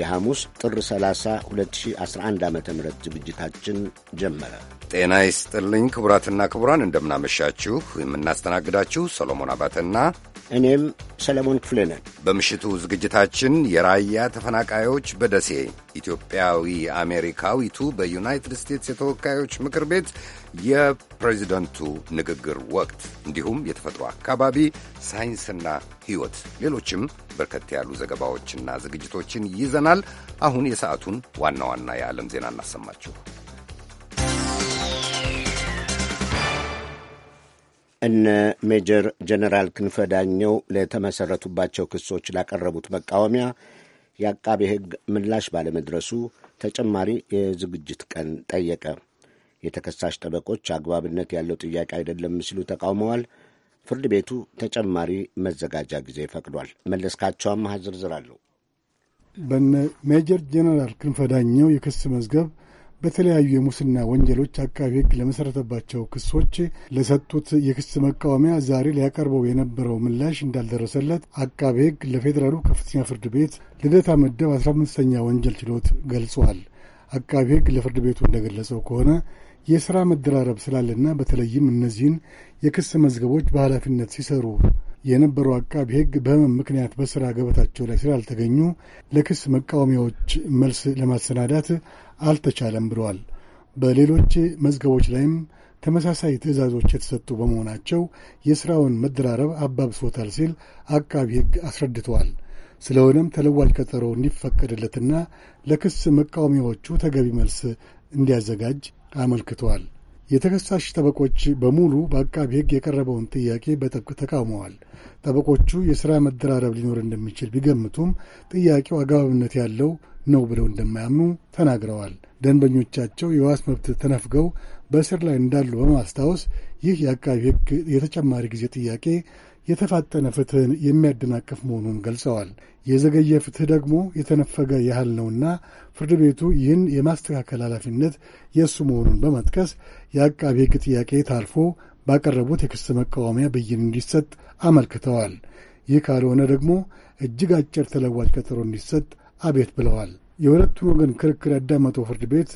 የሐሙስ ጥር 30 2011 ዓ ም ዝግጅታችን ጀመረ። ጤና ይስጥልኝ ክቡራትና ክቡራን፣ እንደምናመሻችሁ። የምናስተናግዳችሁ ሰሎሞን አባተና እኔም ሰለሞን ክፍሌ ነን። በምሽቱ ዝግጅታችን የራያ ተፈናቃዮች በደሴ ኢትዮጵያዊ አሜሪካዊቱ በዩናይትድ ስቴትስ የተወካዮች ምክር ቤት የፕሬዚደንቱ ንግግር ወቅት እንዲሁም የተፈጥሮ አካባቢ፣ ሳይንስና ሕይወት ሌሎችም በርከት ያሉ ዘገባዎችና ዝግጅቶችን ይዘናል። አሁን የሰዓቱን ዋና ዋና የዓለም ዜና እናሰማችሁ። እነ ሜጀር ጀነራል ክንፈ ዳኘው ለተመሠረቱባቸው ክሶች ላቀረቡት መቃወሚያ የአቃቤ ሕግ ምላሽ ባለመድረሱ ተጨማሪ የዝግጅት ቀን ጠየቀ። የተከሳሽ ጠበቆች አግባብነት ያለው ጥያቄ አይደለም ሲሉ ተቃውመዋል። ፍርድ ቤቱ ተጨማሪ መዘጋጃ ጊዜ ፈቅዷል። መለስካቸውም ዝርዝር አለው። በነ ሜጀር ጀነራል ክንፈ ዳኘው የክስ መዝገብ በተለያዩ የሙስና ወንጀሎች አቃቢ ሕግ ለመሠረተባቸው ክሶች ለሰጡት የክስ መቃወሚያ ዛሬ ሊያቀርበው የነበረው ምላሽ እንዳልደረሰለት አቃቢ ሕግ ለፌዴራሉ ከፍተኛ ፍርድ ቤት ልደታ መደብ 15ኛ ወንጀል ችሎት ገልጿል። አቃቢ ሕግ ለፍርድ ቤቱ እንደገለጸው ከሆነ የሥራ መደራረብ ስላለና በተለይም እነዚህን የክስ መዝገቦች በኃላፊነት ሲሰሩ የነበሩ አቃቢ ሕግ በህመም ምክንያት በሥራ ገበታቸው ላይ ስላልተገኙ ለክስ መቃወሚያዎች መልስ ለማሰናዳት አልተቻለም ብለዋል። በሌሎች መዝገቦች ላይም ተመሳሳይ ትዕዛዞች የተሰጡ በመሆናቸው የሥራውን መደራረብ አባብሶታል ሲል አቃቢ ሕግ አስረድተዋል። ስለሆነም ተለዋጭ ቀጠሮ እንዲፈቀድለትና ለክስ መቃወሚያዎቹ ተገቢ መልስ እንዲያዘጋጅ አመልክተዋል። የተከሳሽ ጠበቆች በሙሉ በአቃቢ ሕግ የቀረበውን ጥያቄ በጥብቅ ተቃውመዋል። ጠበቆቹ የሥራ መደራረብ ሊኖር እንደሚችል ቢገምቱም ጥያቄው አግባብነት ያለው ነው ብለው እንደማያምኑ ተናግረዋል። ደንበኞቻቸው የዋስ መብት ተነፍገው በእስር ላይ እንዳሉ በማስታወስ ይህ የአቃቢ ሕግ የተጨማሪ ጊዜ ጥያቄ የተፋጠነ ፍትህን የሚያደናቅፍ መሆኑን ገልጸዋል። የዘገየ ፍትህ ደግሞ የተነፈገ ያህል ነውና ፍርድ ቤቱ ይህን የማስተካከል ኃላፊነት የእሱ መሆኑን በመጥቀስ የአቃቢ ሕግ ጥያቄ ታልፎ ባቀረቡት የክስ መቃወሚያ ብይን እንዲሰጥ አመልክተዋል። ይህ ካልሆነ ደግሞ እጅግ አጭር ተለዋጭ ቀጠሮ እንዲሰጥ አቤት ብለዋል። የሁለቱን ወገን ክርክር ያዳመጠው ፍርድ ቤት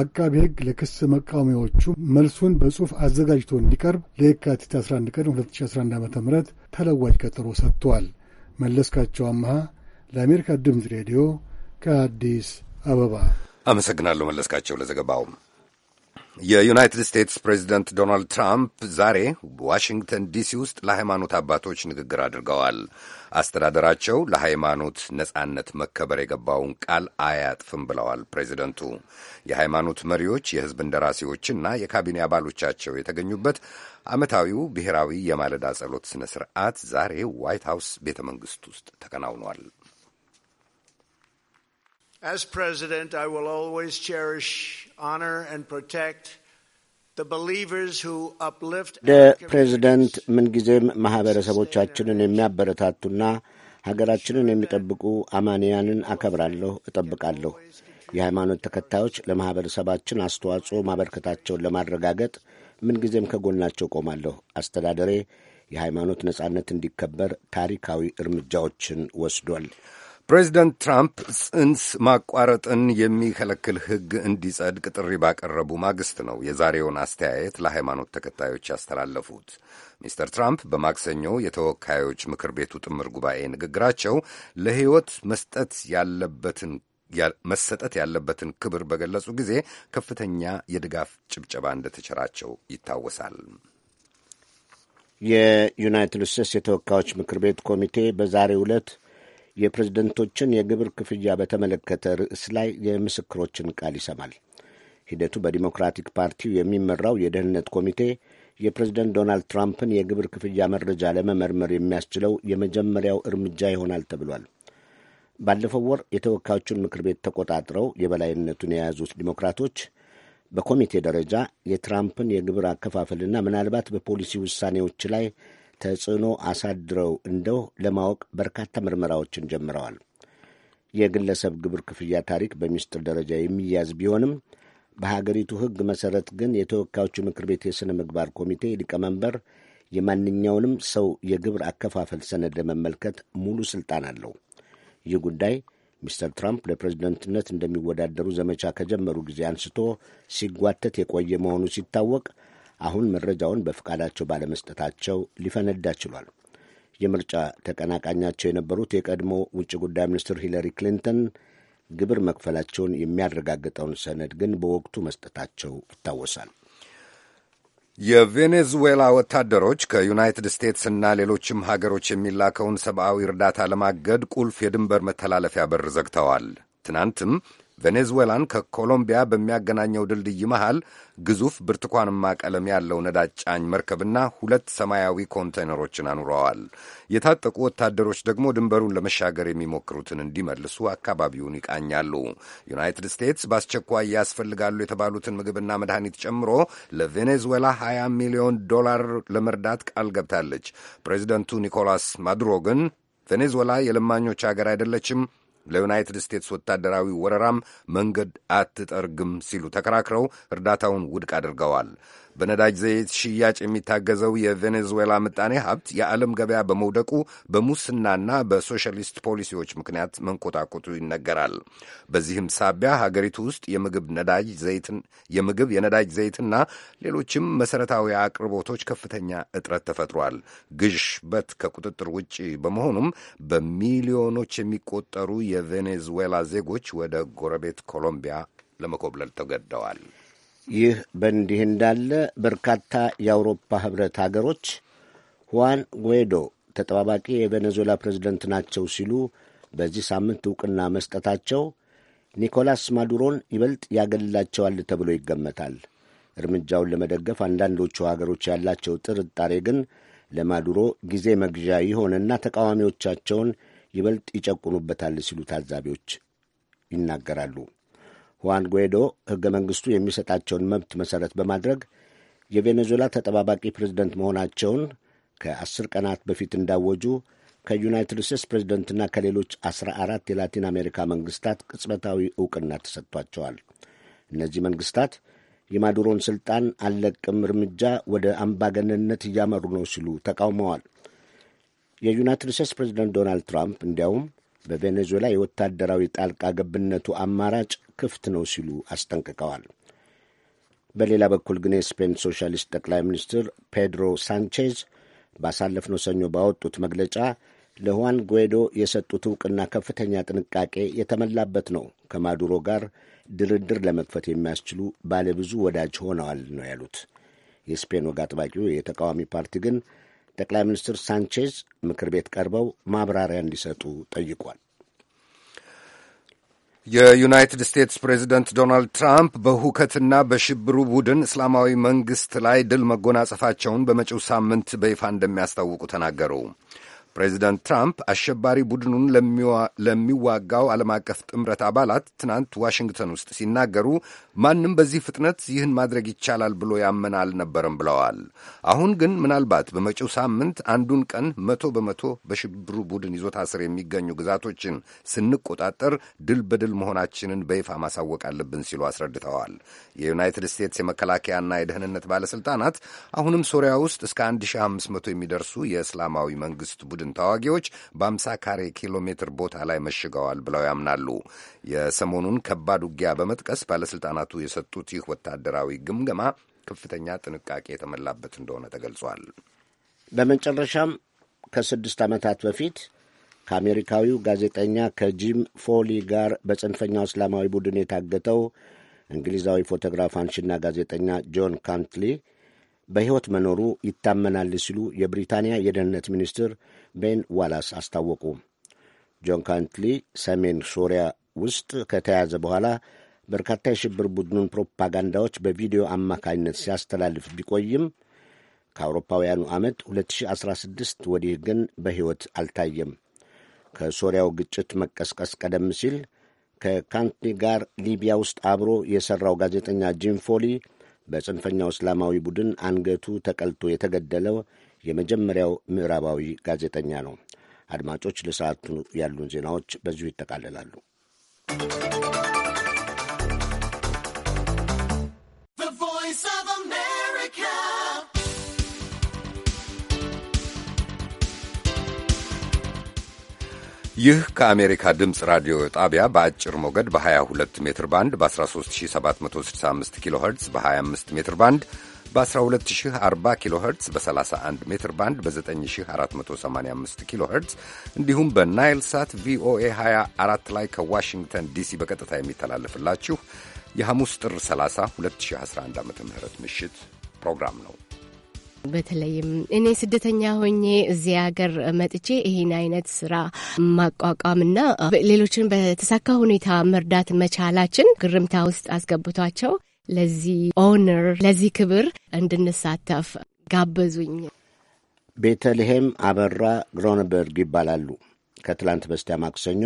አቃቢ ሕግ ለክስ መቃወሚያዎቹ መልሱን በጽሑፍ አዘጋጅቶ እንዲቀርብ ለየካቲት 11 ቀን 2011 ዓ ም ተለዋጅ ቀጠሮ ሰጥቷል። መለስካቸው አመሃ ለአሜሪካ ድምፅ ሬዲዮ ከአዲስ አበባ አመሰግናለሁ። መለስካቸው ለዘገባውም። የዩናይትድ ስቴትስ ፕሬዚደንት ዶናልድ ትራምፕ ዛሬ ዋሽንግተን ዲሲ ውስጥ ለሃይማኖት አባቶች ንግግር አድርገዋል። አስተዳደራቸው ለሃይማኖት ነጻነት መከበር የገባውን ቃል አያጥፍም ብለዋል ፕሬዚደንቱ። የሃይማኖት መሪዎች፣ የሕዝብ እንደራሴዎችና የካቢኔ አባሎቻቸው የተገኙበት ዓመታዊው ብሔራዊ የማለዳ ጸሎት ሥነ ሥርዓት ዛሬ ዋይት ሃውስ ቤተ መንግሥት ውስጥ ተከናውኗል። As president, I will always cherish honor and protect እንደ ፕሬዚደንት ምንጊዜም ማኅበረሰቦቻችንን የሚያበረታቱና ሀገራችንን የሚጠብቁ አማንያንን አከብራለሁ፣ እጠብቃለሁ። የሃይማኖት ተከታዮች ለማህበረሰባችን አስተዋጽኦ ማበርከታቸውን ለማረጋገጥ ምንጊዜም ከጎናቸው ቆማለሁ። አስተዳደሬ የሃይማኖት ነጻነት እንዲከበር ታሪካዊ እርምጃዎችን ወስዷል። ፕሬዚደንት ትራምፕ ጽንስ ማቋረጥን የሚከለክል ሕግ እንዲጸድቅ ጥሪ ባቀረቡ ማግስት ነው የዛሬውን አስተያየት ለሃይማኖት ተከታዮች ያስተላለፉት። ሚስተር ትራምፕ በማክሰኞ የተወካዮች ምክር ቤቱ ጥምር ጉባኤ ንግግራቸው ለሕይወት መስጠት ያለበትን መሰጠት ያለበትን ክብር በገለጹ ጊዜ ከፍተኛ የድጋፍ ጭብጨባ እንደተቸራቸው ይታወሳል። የዩናይትድ ስቴትስ የተወካዮች ምክር ቤት ኮሚቴ በዛሬው ዕለት የፕሬዝደንቶችን የግብር ክፍያ በተመለከተ ርዕስ ላይ የምስክሮችን ቃል ይሰማል። ሂደቱ በዲሞክራቲክ ፓርቲው የሚመራው የደህንነት ኮሚቴ የፕሬዝደንት ዶናልድ ትራምፕን የግብር ክፍያ መረጃ ለመመርመር የሚያስችለው የመጀመሪያው እርምጃ ይሆናል ተብሏል። ባለፈው ወር የተወካዮቹን ምክር ቤት ተቆጣጥረው የበላይነቱን የያዙት ዲሞክራቶች በኮሚቴ ደረጃ የትራምፕን የግብር አከፋፈልና ምናልባት በፖሊሲ ውሳኔዎች ላይ ተጽዕኖ አሳድረው እንደው ለማወቅ በርካታ ምርመራዎችን ጀምረዋል። የግለሰብ ግብር ክፍያ ታሪክ በሚስጥር ደረጃ የሚያዝ ቢሆንም በሀገሪቱ ሕግ መሠረት ግን የተወካዮቹ ምክር ቤት የሥነ ምግባር ኮሚቴ ሊቀመንበር የማንኛውንም ሰው የግብር አከፋፈል ሰነድ ለመመልከት ሙሉ ሥልጣን አለው። ይህ ጉዳይ ሚስተር ትራምፕ ለፕሬዝደንትነት እንደሚወዳደሩ ዘመቻ ከጀመሩ ጊዜ አንስቶ ሲጓተት የቆየ መሆኑ ሲታወቅ አሁን መረጃውን በፍቃዳቸው ባለመስጠታቸው ሊፈነዳ ችሏል። የምርጫ ተቀናቃኛቸው የነበሩት የቀድሞ ውጭ ጉዳይ ሚኒስትር ሂለሪ ክሊንተን ግብር መክፈላቸውን የሚያረጋግጠውን ሰነድ ግን በወቅቱ መስጠታቸው ይታወሳል። የቬኔዙዌላ ወታደሮች ከዩናይትድ ስቴትስ እና ሌሎችም ሀገሮች የሚላከውን ሰብአዊ እርዳታ ለማገድ ቁልፍ የድንበር መተላለፊያ በር ዘግተዋል። ትናንትም ቬኔዙዌላን ከኮሎምቢያ በሚያገናኘው ድልድይ መሃል ግዙፍ ብርቱካንማ ቀለም ያለው ነዳጅ ጫኝ መርከብና ሁለት ሰማያዊ ኮንቴይነሮችን አኑረዋል። የታጠቁ ወታደሮች ደግሞ ድንበሩን ለመሻገር የሚሞክሩትን እንዲመልሱ አካባቢውን ይቃኛሉ። ዩናይትድ ስቴትስ በአስቸኳይ ያስፈልጋሉ የተባሉትን ምግብና መድኃኒት ጨምሮ ለቬኔዙዌላ 20 ሚሊዮን ዶላር ለመርዳት ቃል ገብታለች። ፕሬዚደንቱ ኒኮላስ ማዱሮ ግን ቬኔዙዌላ የለማኞች አገር አይደለችም ለዩናይትድ ስቴትስ ወታደራዊ ወረራም መንገድ አትጠርግም ሲሉ ተከራክረው እርዳታውን ውድቅ አድርገዋል። በነዳጅ ዘይት ሽያጭ የሚታገዘው የቬኔዙዌላ ምጣኔ ሀብት የዓለም ገበያ በመውደቁ በሙስናና በሶሻሊስት ፖሊሲዎች ምክንያት መንኮታኮቱ ይነገራል። በዚህም ሳቢያ ሀገሪቱ ውስጥ የምግብ ነዳጅ ዘይትን የምግብ የነዳጅ ዘይትና ሌሎችም መሠረታዊ አቅርቦቶች ከፍተኛ እጥረት ተፈጥሯል። ግሽበት ከቁጥጥር ውጭ በመሆኑም በሚሊዮኖች የሚቆጠሩ የቬኔዙዌላ ዜጎች ወደ ጎረቤት ኮሎምቢያ ለመኮብለል ተገደዋል። ይህ በእንዲህ እንዳለ በርካታ የአውሮፓ ህብረት ሀገሮች ሁዋን ጉዌዶ ተጠባባቂ የቬኔዙዌላ ፕሬዝደንት ናቸው ሲሉ በዚህ ሳምንት ዕውቅና መስጠታቸው ኒኮላስ ማዱሮን ይበልጥ ያገልላቸዋል ተብሎ ይገመታል። እርምጃውን ለመደገፍ አንዳንዶቹ ሀገሮች ያላቸው ጥርጣሬ ግን ለማዱሮ ጊዜ መግዣ ይሆንና ተቃዋሚዎቻቸውን ይበልጥ ይጨቁኑበታል ሲሉ ታዛቢዎች ይናገራሉ። ሁዋን ጉዌዶ ሕገ መንግሥቱ የሚሰጣቸውን መብት መሠረት በማድረግ የቬኔዙዌላ ተጠባባቂ ፕሬዝደንት መሆናቸውን ከአስር ቀናት በፊት እንዳወጁ ከዩናይትድ ስቴትስ ፕሬዝደንትና ከሌሎች አስራ አራት የላቲን አሜሪካ መንግሥታት ቅጽበታዊ ዕውቅና ተሰጥቷቸዋል። እነዚህ መንግሥታት የማዱሮን ሥልጣን አልለቅም እርምጃ ወደ አምባገነንነት እያመሩ ነው ሲሉ ተቃውመዋል። የዩናይትድ ስቴትስ ፕሬዝደንት ዶናልድ ትራምፕ እንዲያውም በቬኔዙዌላ የወታደራዊ ጣልቃ ገብነቱ አማራጭ ክፍት ነው ሲሉ አስጠንቅቀዋል። በሌላ በኩል ግን የስፔን ሶሻሊስት ጠቅላይ ሚኒስትር ፔድሮ ሳንቼዝ ባሳለፍነው ሰኞ ባወጡት መግለጫ ለሁዋን ጉዌዶ የሰጡት እውቅና ከፍተኛ ጥንቃቄ የተሞላበት ነው፣ ከማዱሮ ጋር ድርድር ለመክፈት የሚያስችሉ ባለብዙ ወዳጅ ሆነዋል ነው ያሉት። የስፔን ወግ አጥባቂው የተቃዋሚ ፓርቲ ግን ጠቅላይ ሚኒስትር ሳንቼዝ ምክር ቤት ቀርበው ማብራሪያ እንዲሰጡ ጠይቋል። የዩናይትድ ስቴትስ ፕሬዚደንት ዶናልድ ትራምፕ በሁከትና በሽብሩ ቡድን እስላማዊ መንግሥት ላይ ድል መጎናጸፋቸውን በመጪው ሳምንት በይፋ እንደሚያስታውቁ ተናገሩ። ፕሬዚዳንት ትራምፕ አሸባሪ ቡድኑን ለሚዋጋው ዓለም አቀፍ ጥምረት አባላት ትናንት ዋሽንግተን ውስጥ ሲናገሩ ማንም በዚህ ፍጥነት ይህን ማድረግ ይቻላል ብሎ ያመን አልነበረም ብለዋል። አሁን ግን ምናልባት በመጪው ሳምንት አንዱን ቀን መቶ በመቶ በሽብሩ ቡድን ይዞታ ስር የሚገኙ ግዛቶችን ስንቆጣጠር ድል በድል መሆናችንን በይፋ ማሳወቅ አለብን ሲሉ አስረድተዋል። የዩናይትድ ስቴትስ የመከላከያና የደህንነት ባለሥልጣናት አሁንም ሶሪያ ውስጥ እስከ 1500 የሚደርሱ የእስላማዊ መንግሥት ቡድን ቡድን ተዋጊዎች በአምሳ ካሬ ኪሎ ሜትር ቦታ ላይ መሽገዋል ብለው ያምናሉ። የሰሞኑን ከባድ ውጊያ በመጥቀስ ባለሥልጣናቱ የሰጡት ይህ ወታደራዊ ግምገማ ከፍተኛ ጥንቃቄ የተሞላበት እንደሆነ ተገልጿል። በመጨረሻም ከስድስት ዓመታት በፊት ከአሜሪካዊው ጋዜጠኛ ከጂም ፎሊ ጋር በጽንፈኛው እስላማዊ ቡድን የታገተው እንግሊዛዊ ፎቶግራፍ አንሺና ጋዜጠኛ ጆን ካንትሊ በሕይወት መኖሩ ይታመናል ሲሉ የብሪታንያ የደህንነት ሚኒስትር ቤን ዋላስ አስታወቁ። ጆን ካንትሊ ሰሜን ሶሪያ ውስጥ ከተያዘ በኋላ በርካታ የሽብር ቡድኑን ፕሮፓጋንዳዎች በቪዲዮ አማካኝነት ሲያስተላልፍ ቢቆይም ከአውሮፓውያኑ ዓመት 2016 ወዲህ ግን በሕይወት አልታየም። ከሶሪያው ግጭት መቀስቀስ ቀደም ሲል ከካንትሊ ጋር ሊቢያ ውስጥ አብሮ የሠራው ጋዜጠኛ ጂም ፎሊ በጽንፈኛው እስላማዊ ቡድን አንገቱ ተቀልቶ የተገደለው የመጀመሪያው ምዕራባዊ ጋዜጠኛ ነው። አድማጮች፣ ለሰዓቱ ያሉን ዜናዎች በዚሁ ይጠቃልላሉ። ይህ ከአሜሪካ ድምፅ ራዲዮ ጣቢያ በአጭር ሞገድ በ22 ሜትር ባንድ በ13765 ኪሎ ኸርትዝ በ25 ሜትር ባንድ በ12040 ኪሎ ኸርትዝ በ31 ሜትር ባንድ በ9485 ኪሎ ኸርትዝ እንዲሁም በናይል ሳት ቪኦኤ 24 ላይ ከዋሽንግተን ዲሲ በቀጥታ የሚተላለፍላችሁ የሐሙስ ጥር 30 2011 ዓ ም ምሽት ፕሮግራም ነው። በተለይም እኔ ስደተኛ ሆኜ እዚህ ሀገር መጥቼ ይህን አይነት ስራ ማቋቋምና ሌሎችን በተሳካ ሁኔታ መርዳት መቻላችን ግርምታ ውስጥ አስገብቷቸው ለዚህ ኦነር ለዚህ ክብር እንድንሳተፍ ጋበዙኝ። ቤተልሔም አበራ ግሮንበርግ ይባላሉ። ከትላንት በስቲያ ማክሰኞ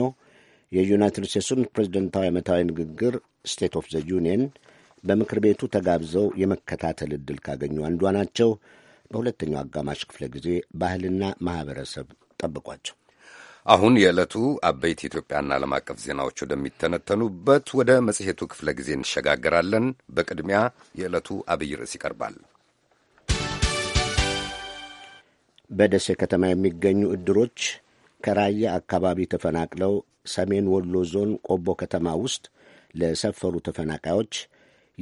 የዩናይትድ ስቴትሱን ፕሬዝደንታዊ ዓመታዊ ንግግር ስቴት ኦፍ ዘ ዩኒየን በምክር ቤቱ ተጋብዘው የመከታተል ዕድል ካገኙ አንዷ ናቸው። በሁለተኛው አጋማሽ ክፍለ ጊዜ ባህልና ማህበረሰብ ጠብቋቸው። አሁን የዕለቱ አበይት ኢትዮጵያና ዓለም አቀፍ ዜናዎች ወደሚተነተኑበት ወደ መጽሔቱ ክፍለ ጊዜ እንሸጋገራለን። በቅድሚያ የዕለቱ አብይ ርዕስ ይቀርባል። በደሴ ከተማ የሚገኙ እድሮች ከራያ አካባቢ ተፈናቅለው ሰሜን ወሎ ዞን ቆቦ ከተማ ውስጥ ለሰፈሩ ተፈናቃዮች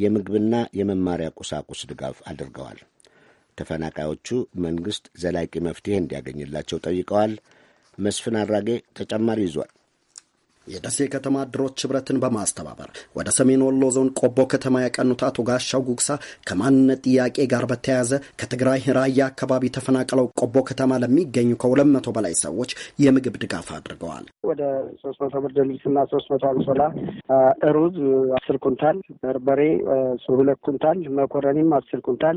የምግብና የመማሪያ ቁሳቁስ ድጋፍ አድርገዋል። ተፈናቃዮቹ መንግሥት ዘላቂ መፍትሄ እንዲያገኝላቸው ጠይቀዋል። መስፍን አራጌ ተጨማሪ ይዟል። የደሴ ከተማ እድሮች ህብረትን በማስተባበር ወደ ሰሜን ወሎ ዞን ቆቦ ከተማ ያቀኑት አቶ ጋሻው ጉግሳ ከማንነት ጥያቄ ጋር በተያያዘ ከትግራይ ራያ አካባቢ ተፈናቅለው ቆቦ ከተማ ለሚገኙ ከሁለት መቶ በላይ ሰዎች የምግብ ድጋፍ አድርገዋል። ወደ ሶስት መቶ ብርድ ልብስና ሶስት መቶ አንሶላ፣ ሩዝ አስር ኩንታል፣ በርበሬ ሁለት ኩንታል፣ መኮረኒም አስር ኩንታል፣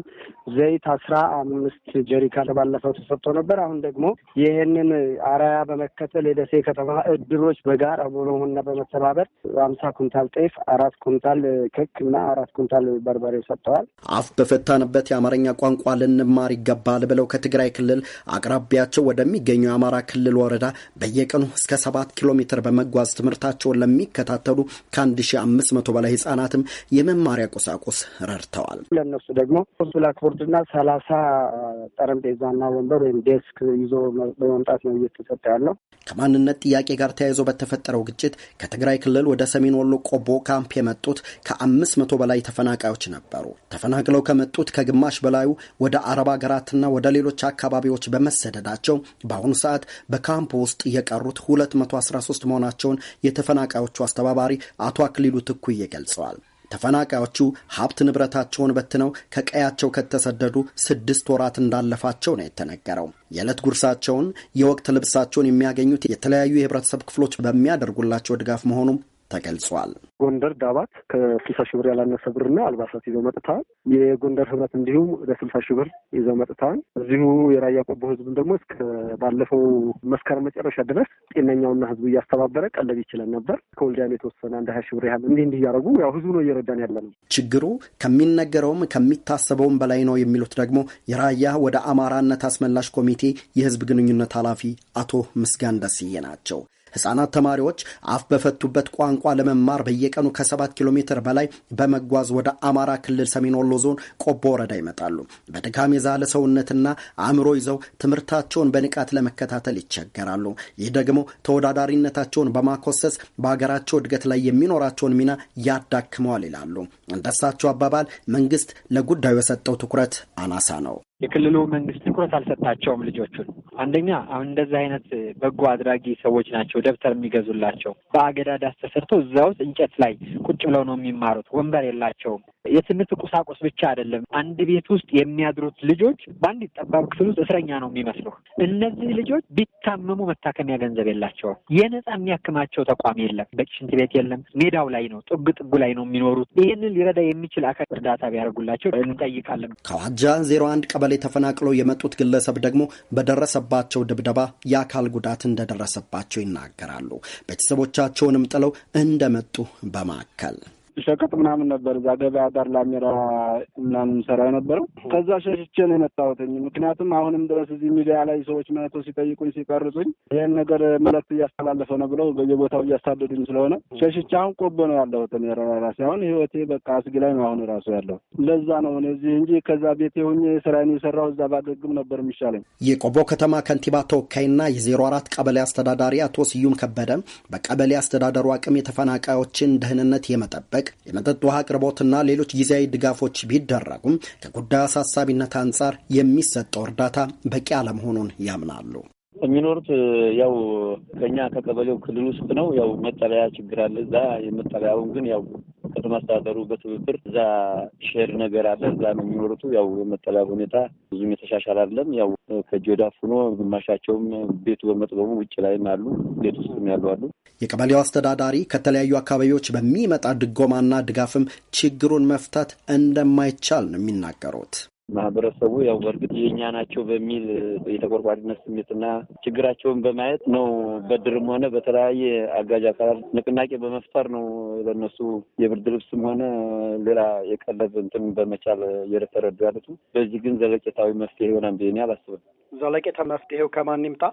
ዘይት አስራ አምስት ጀሪካን ባለፈው ተሰጥቶ ነበር። አሁን ደግሞ ይህንን አራያ በመከተል የደሴ ከተማ እድሮች በጋራ በመሆንና በመተባበር አምሳ ኩንታል ጤፍ፣ አራት ኩንታል ክክ እና አራት ኩንታል በርበሬ ሰጥተዋል። አፍ በፈታንበት የአማርኛ ቋንቋ ልንማር ይገባል ብለው ከትግራይ ክልል አቅራቢያቸው ወደሚገኘው የአማራ ክልል ወረዳ በየቀኑ እስከ ሰባት ኪሎ ሜትር በመጓዝ ትምህርታቸውን ለሚከታተሉ ከአንድ ሺ አምስት መቶ በላይ ህጻናትም የመማሪያ ቁሳቁስ ረድተዋል። ለእነሱ ደግሞ ሶስት ብላክቦርድና ሰላሳ ጠረጴዛና ወንበር ወይም ዴስክ ይዞ በመምጣት ነው እየተሰጠ ያለው። ከማንነት ጥያቄ ጋር ተያይዞ በተፈጠረው በተፈጠረው ግጭት ከትግራይ ክልል ወደ ሰሜን ወሎ ቆቦ ካምፕ የመጡት ከአምስት መቶ በላይ ተፈናቃዮች ነበሩ። ተፈናቅለው ከመጡት ከግማሽ በላዩ ወደ አረብ ሀገራትና ወደ ሌሎች አካባቢዎች በመሰደዳቸው በአሁኑ ሰዓት በካምፕ ውስጥ የቀሩት 213 መሆናቸውን የተፈናቃዮቹ አስተባባሪ አቶ አክሊሉ ትኩዬ ገልጸዋል። ተፈናቃዮቹ ሀብት ንብረታቸውን በትነው ከቀያቸው ከተሰደዱ ስድስት ወራት እንዳለፋቸው ነው የተነገረው። የዕለት ጉርሳቸውን፣ የወቅት ልብሳቸውን የሚያገኙት የተለያዩ የህብረተሰብ ክፍሎች በሚያደርጉላቸው ድጋፍ መሆኑም ተገልጿል። ጎንደር ዳባት ከስልሳ ሺህ ብር ያላነሰ ብርና አልባሳት ይዘው መጥተዋል። የጎንደር ህብረት እንዲሁም ለስልሳ ሺህ ብር ይዘው መጥተዋል። እዚሁ የራያ ቆቦ ህዝብን ደግሞ እስከ ባለፈው መስከረም መጨረሻ ድረስ ጤነኛውና ህዝቡ እያስተባበረ ቀለብ ይችለን ነበር። ከወልዲያም የተወሰነ አንድ ሀያ ሺህ ብር ያህል እንዲህ እንዲህ እያደረጉ ያው ህዝቡ ነው እየረዳን ያለ ነው። ችግሩ ከሚነገረውም ከሚታሰበውም በላይ ነው የሚሉት ደግሞ የራያ ወደ አማራነት አስመላሽ ኮሚቴ የህዝብ ግንኙነት ኃላፊ አቶ ምስጋን ደስዬ ናቸው። ህጻናት ተማሪዎች አፍ በፈቱበት ቋንቋ ለመማር በየቀኑ ከሰባት ኪሎ ሜትር በላይ በመጓዝ ወደ አማራ ክልል ሰሜን ወሎ ዞን ቆቦ ወረዳ ይመጣሉ። በድካም የዛለ ሰውነትና አእምሮ ይዘው ትምህርታቸውን በንቃት ለመከታተል ይቸገራሉ። ይህ ደግሞ ተወዳዳሪነታቸውን በማኮሰስ በሀገራቸው እድገት ላይ የሚኖራቸውን ሚና ያዳክመዋል ይላሉ። እንደሳቸው አባባል መንግስት ለጉዳዩ የሰጠው ትኩረት አናሳ ነው። የክልሉ መንግስት ትኩረት አልሰጣቸውም። ልጆቹን አንደኛ አሁን እንደዚህ አይነት በጎ አድራጊ ሰዎች ናቸው ደብተር የሚገዙላቸው። በአገዳ ዳስ ተሰርቶ እዛ ውስጥ እንጨት ላይ ቁጭ ብለው ነው የሚማሩት። ወንበር የላቸውም። የትምህርት ቁሳቁስ ብቻ አይደለም። አንድ ቤት ውስጥ የሚያድሩት ልጆች በአንድ ጠባብ ክፍል ውስጥ እስረኛ ነው የሚመስሉ። እነዚህ ልጆች ቢታመሙ መታከሚያ ገንዘብ የላቸውም። የነጻ የሚያክማቸው ተቋም የለም። በቂ ሽንት ቤት የለም። ሜዳው ላይ ነው፣ ጥጉ ጥጉ ላይ ነው የሚኖሩት። ይህንን ሊረዳ የሚችል አካል እርዳታ ቢያደርጉላቸው እንጠይቃለን። ከዋጃ ዜሮ አንድ ቀበሌ ከመቀሌ ተፈናቅለው የመጡት ግለሰብ ደግሞ በደረሰባቸው ድብደባ የአካል ጉዳት እንደደረሰባቸው ይናገራሉ። ቤተሰቦቻቸውንም ጥለው እንደመጡ በማከል ሸቀጥ ምናምን ነበር እዛ ገበያ ዳር ላሜራ ምናምን ሰራ የነበረው። ከዛ ሸሽቼ ነው የመጣሁትኝ። ምክንያቱም አሁንም ድረስ እዚህ ሚዲያ ላይ ሰዎች መቶ ሲጠይቁኝ ሲቀርጹኝ ይህን ነገር መልዕክት እያስተላለፈ ነው ብለው በየቦታው እያሳደዱኝ ስለሆነ ሸሽቼ አሁን ቆቦ ነው ያለሁት። ራሴ አሁን ህይወቴ በቃ አስጊ ላይ ነው አሁን ራሱ ያለው። ለዛ ነው እኔ እዚህ እንጂ ከዛ ቤቴ ሆኜ ስራዬን የሰራው እዛ ባገግም ነበር የሚሻለኝ። የቆቦ ከተማ ከንቲባ ተወካይና የዜሮ አራት ቀበሌ አስተዳዳሪ አቶ ስዩም ከበደ በቀበሌ አስተዳደሩ አቅም የተፈናቃዮችን ደህንነት የመጠበቅ ለማስታጠቅ የመጠጥ ውሃ አቅርቦትና ሌሎች ጊዜያዊ ድጋፎች ቢደረጉም ከጉዳዩ አሳሳቢነት አንጻር የሚሰጠው እርዳታ በቂ አለመሆኑን ያምናሉ። የሚኖሩት ያው ከኛ ከቀበሌው ክልል ውስጥ ነው። ያው መጠለያ ችግር አለ እዛ። የመጠለያውን ግን ያው ከተማ አስተዳደሩ በትብብር እዛ ሼር ነገር አለ እዛ ነው የሚኖሩት። ያው የመጠለያ ሁኔታ ብዙም የተሻሻል አይደለም። ያው ከእጅ ወደ ግማሻቸውም ቤቱ በመጥበቡ ውጭ ላይም አሉ፣ ቤት ውስጥም ያሉ አሉ። የቀበሌው አስተዳዳሪ ከተለያዩ አካባቢዎች በሚመጣ ድጎማና ድጋፍም ችግሩን መፍታት እንደማይቻል ነው የሚናገሩት። ማህበረሰቡ ያው በእርግጥ የእኛ ናቸው በሚል የተቆርቋሪነት ስሜትና ችግራቸውን በማየት ነው በድርም ሆነ በተለያየ አጋዥ አካላት ንቅናቄ በመፍጠር ነው ለነሱ የብርድ ልብስም ሆነ ሌላ የቀለብ እንትን በመቻል እየተረዱ ያሉት። በዚህ ግን ዘለቄታዊ መፍትሄ ይሆናል ብዬ አላስብም። ዘለቄታ መፍትሄው ከማን ይምጣ?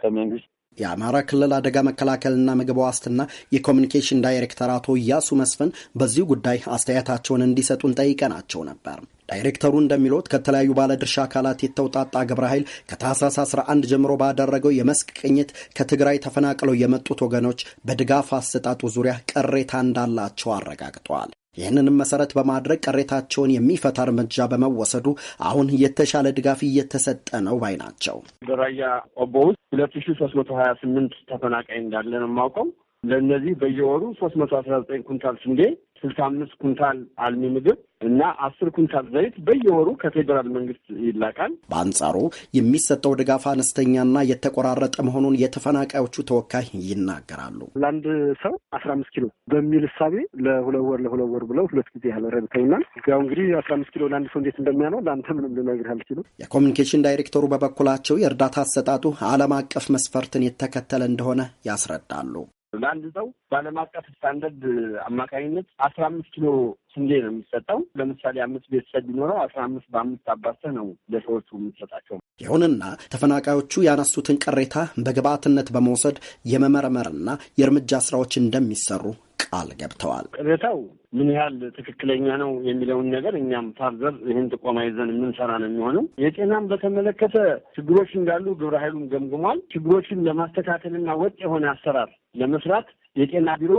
ከመንግስት የአማራ ክልል አደጋ መከላከልና ምግብ ዋስትና የኮሚኒኬሽን ዳይሬክተር አቶ እያሱ መስፍን በዚሁ ጉዳይ አስተያየታቸውን እንዲሰጡን ጠይቀናቸው ነበር። ዳይሬክተሩ እንደሚሉት ከተለያዩ ባለድርሻ አካላት የተውጣጣ ግብረ ኃይል ከታህሳስ 11 ጀምሮ ባደረገው የመስክ ቅኝት ከትግራይ ተፈናቅለው የመጡት ወገኖች በድጋፍ አሰጣጡ ዙሪያ ቅሬታ እንዳላቸው አረጋግጠዋል። ይህንንም መሰረት በማድረግ ቅሬታቸውን የሚፈታ እርምጃ በመወሰዱ አሁን የተሻለ ድጋፍ እየተሰጠ ነው ባይ ናቸው። በራያ ኦቦ ውስጥ ሁለት ሺ ሶስት መቶ ሀያ ስምንት ተፈናቃይ እንዳለ ነው የማውቀው። ለእነዚህ በየወሩ ሶስት መቶ አስራ ዘጠኝ ኩንታል ስንዴ ስልሳ አምስት ኩንታል አልሚ ምግብ እና አስር ኩንታል ዘይት በየወሩ ከፌዴራል መንግስት ይላካል። በአንጻሩ የሚሰጠው ድጋፍ አነስተኛና የተቆራረጠ መሆኑን የተፈናቃዮቹ ተወካይ ይናገራሉ። ለአንድ ሰው አስራ አምስት ኪሎ በሚል እሳቤ ለሁለት ወር ለሁለት ወር ብለው ሁለት ጊዜ ያህል ረድተውናል። ያው እንግዲህ አስራ አምስት ኪሎ ለአንድ ሰው እንዴት እንደሚያነው ለአንተ ምንም ልነግርህ አልችልም። የኮሚኒኬሽን ዳይሬክተሩ በበኩላቸው የእርዳታ አሰጣጡ ዓለም አቀፍ መስፈርትን የተከተለ እንደሆነ ያስረዳሉ። ለአንድ ሰው በዓለም አቀፍ ስታንደርድ አማካኝነት አስራ አምስት ኪሎ ስንዴ ነው የሚሰጠው። ለምሳሌ አምስት ቤተሰብ ቢኖረው አስራ አምስት በአምስት አባሰህ ነው ለሰዎቹ የምትሰጣቸው። ይሁንና ተፈናቃዮቹ ያነሱትን ቅሬታ በግብዓትነት በመውሰድ የመመርመርና የእርምጃ ስራዎች እንደሚሰሩ ቃል ገብተዋል። ቅሬታው ምን ያህል ትክክለኛ ነው የሚለውን ነገር እኛም ፋርዘር ይህን ጥቆማ ይዘን የምንሰራ ነው የሚሆነው። የጤናም በተመለከተ ችግሮች እንዳሉ ግብረ ኃይሉም ገምግሟል። ችግሮችን ለማስተካከልና ወጥ የሆነ አሰራር ለመስራት የጤና ቢሮ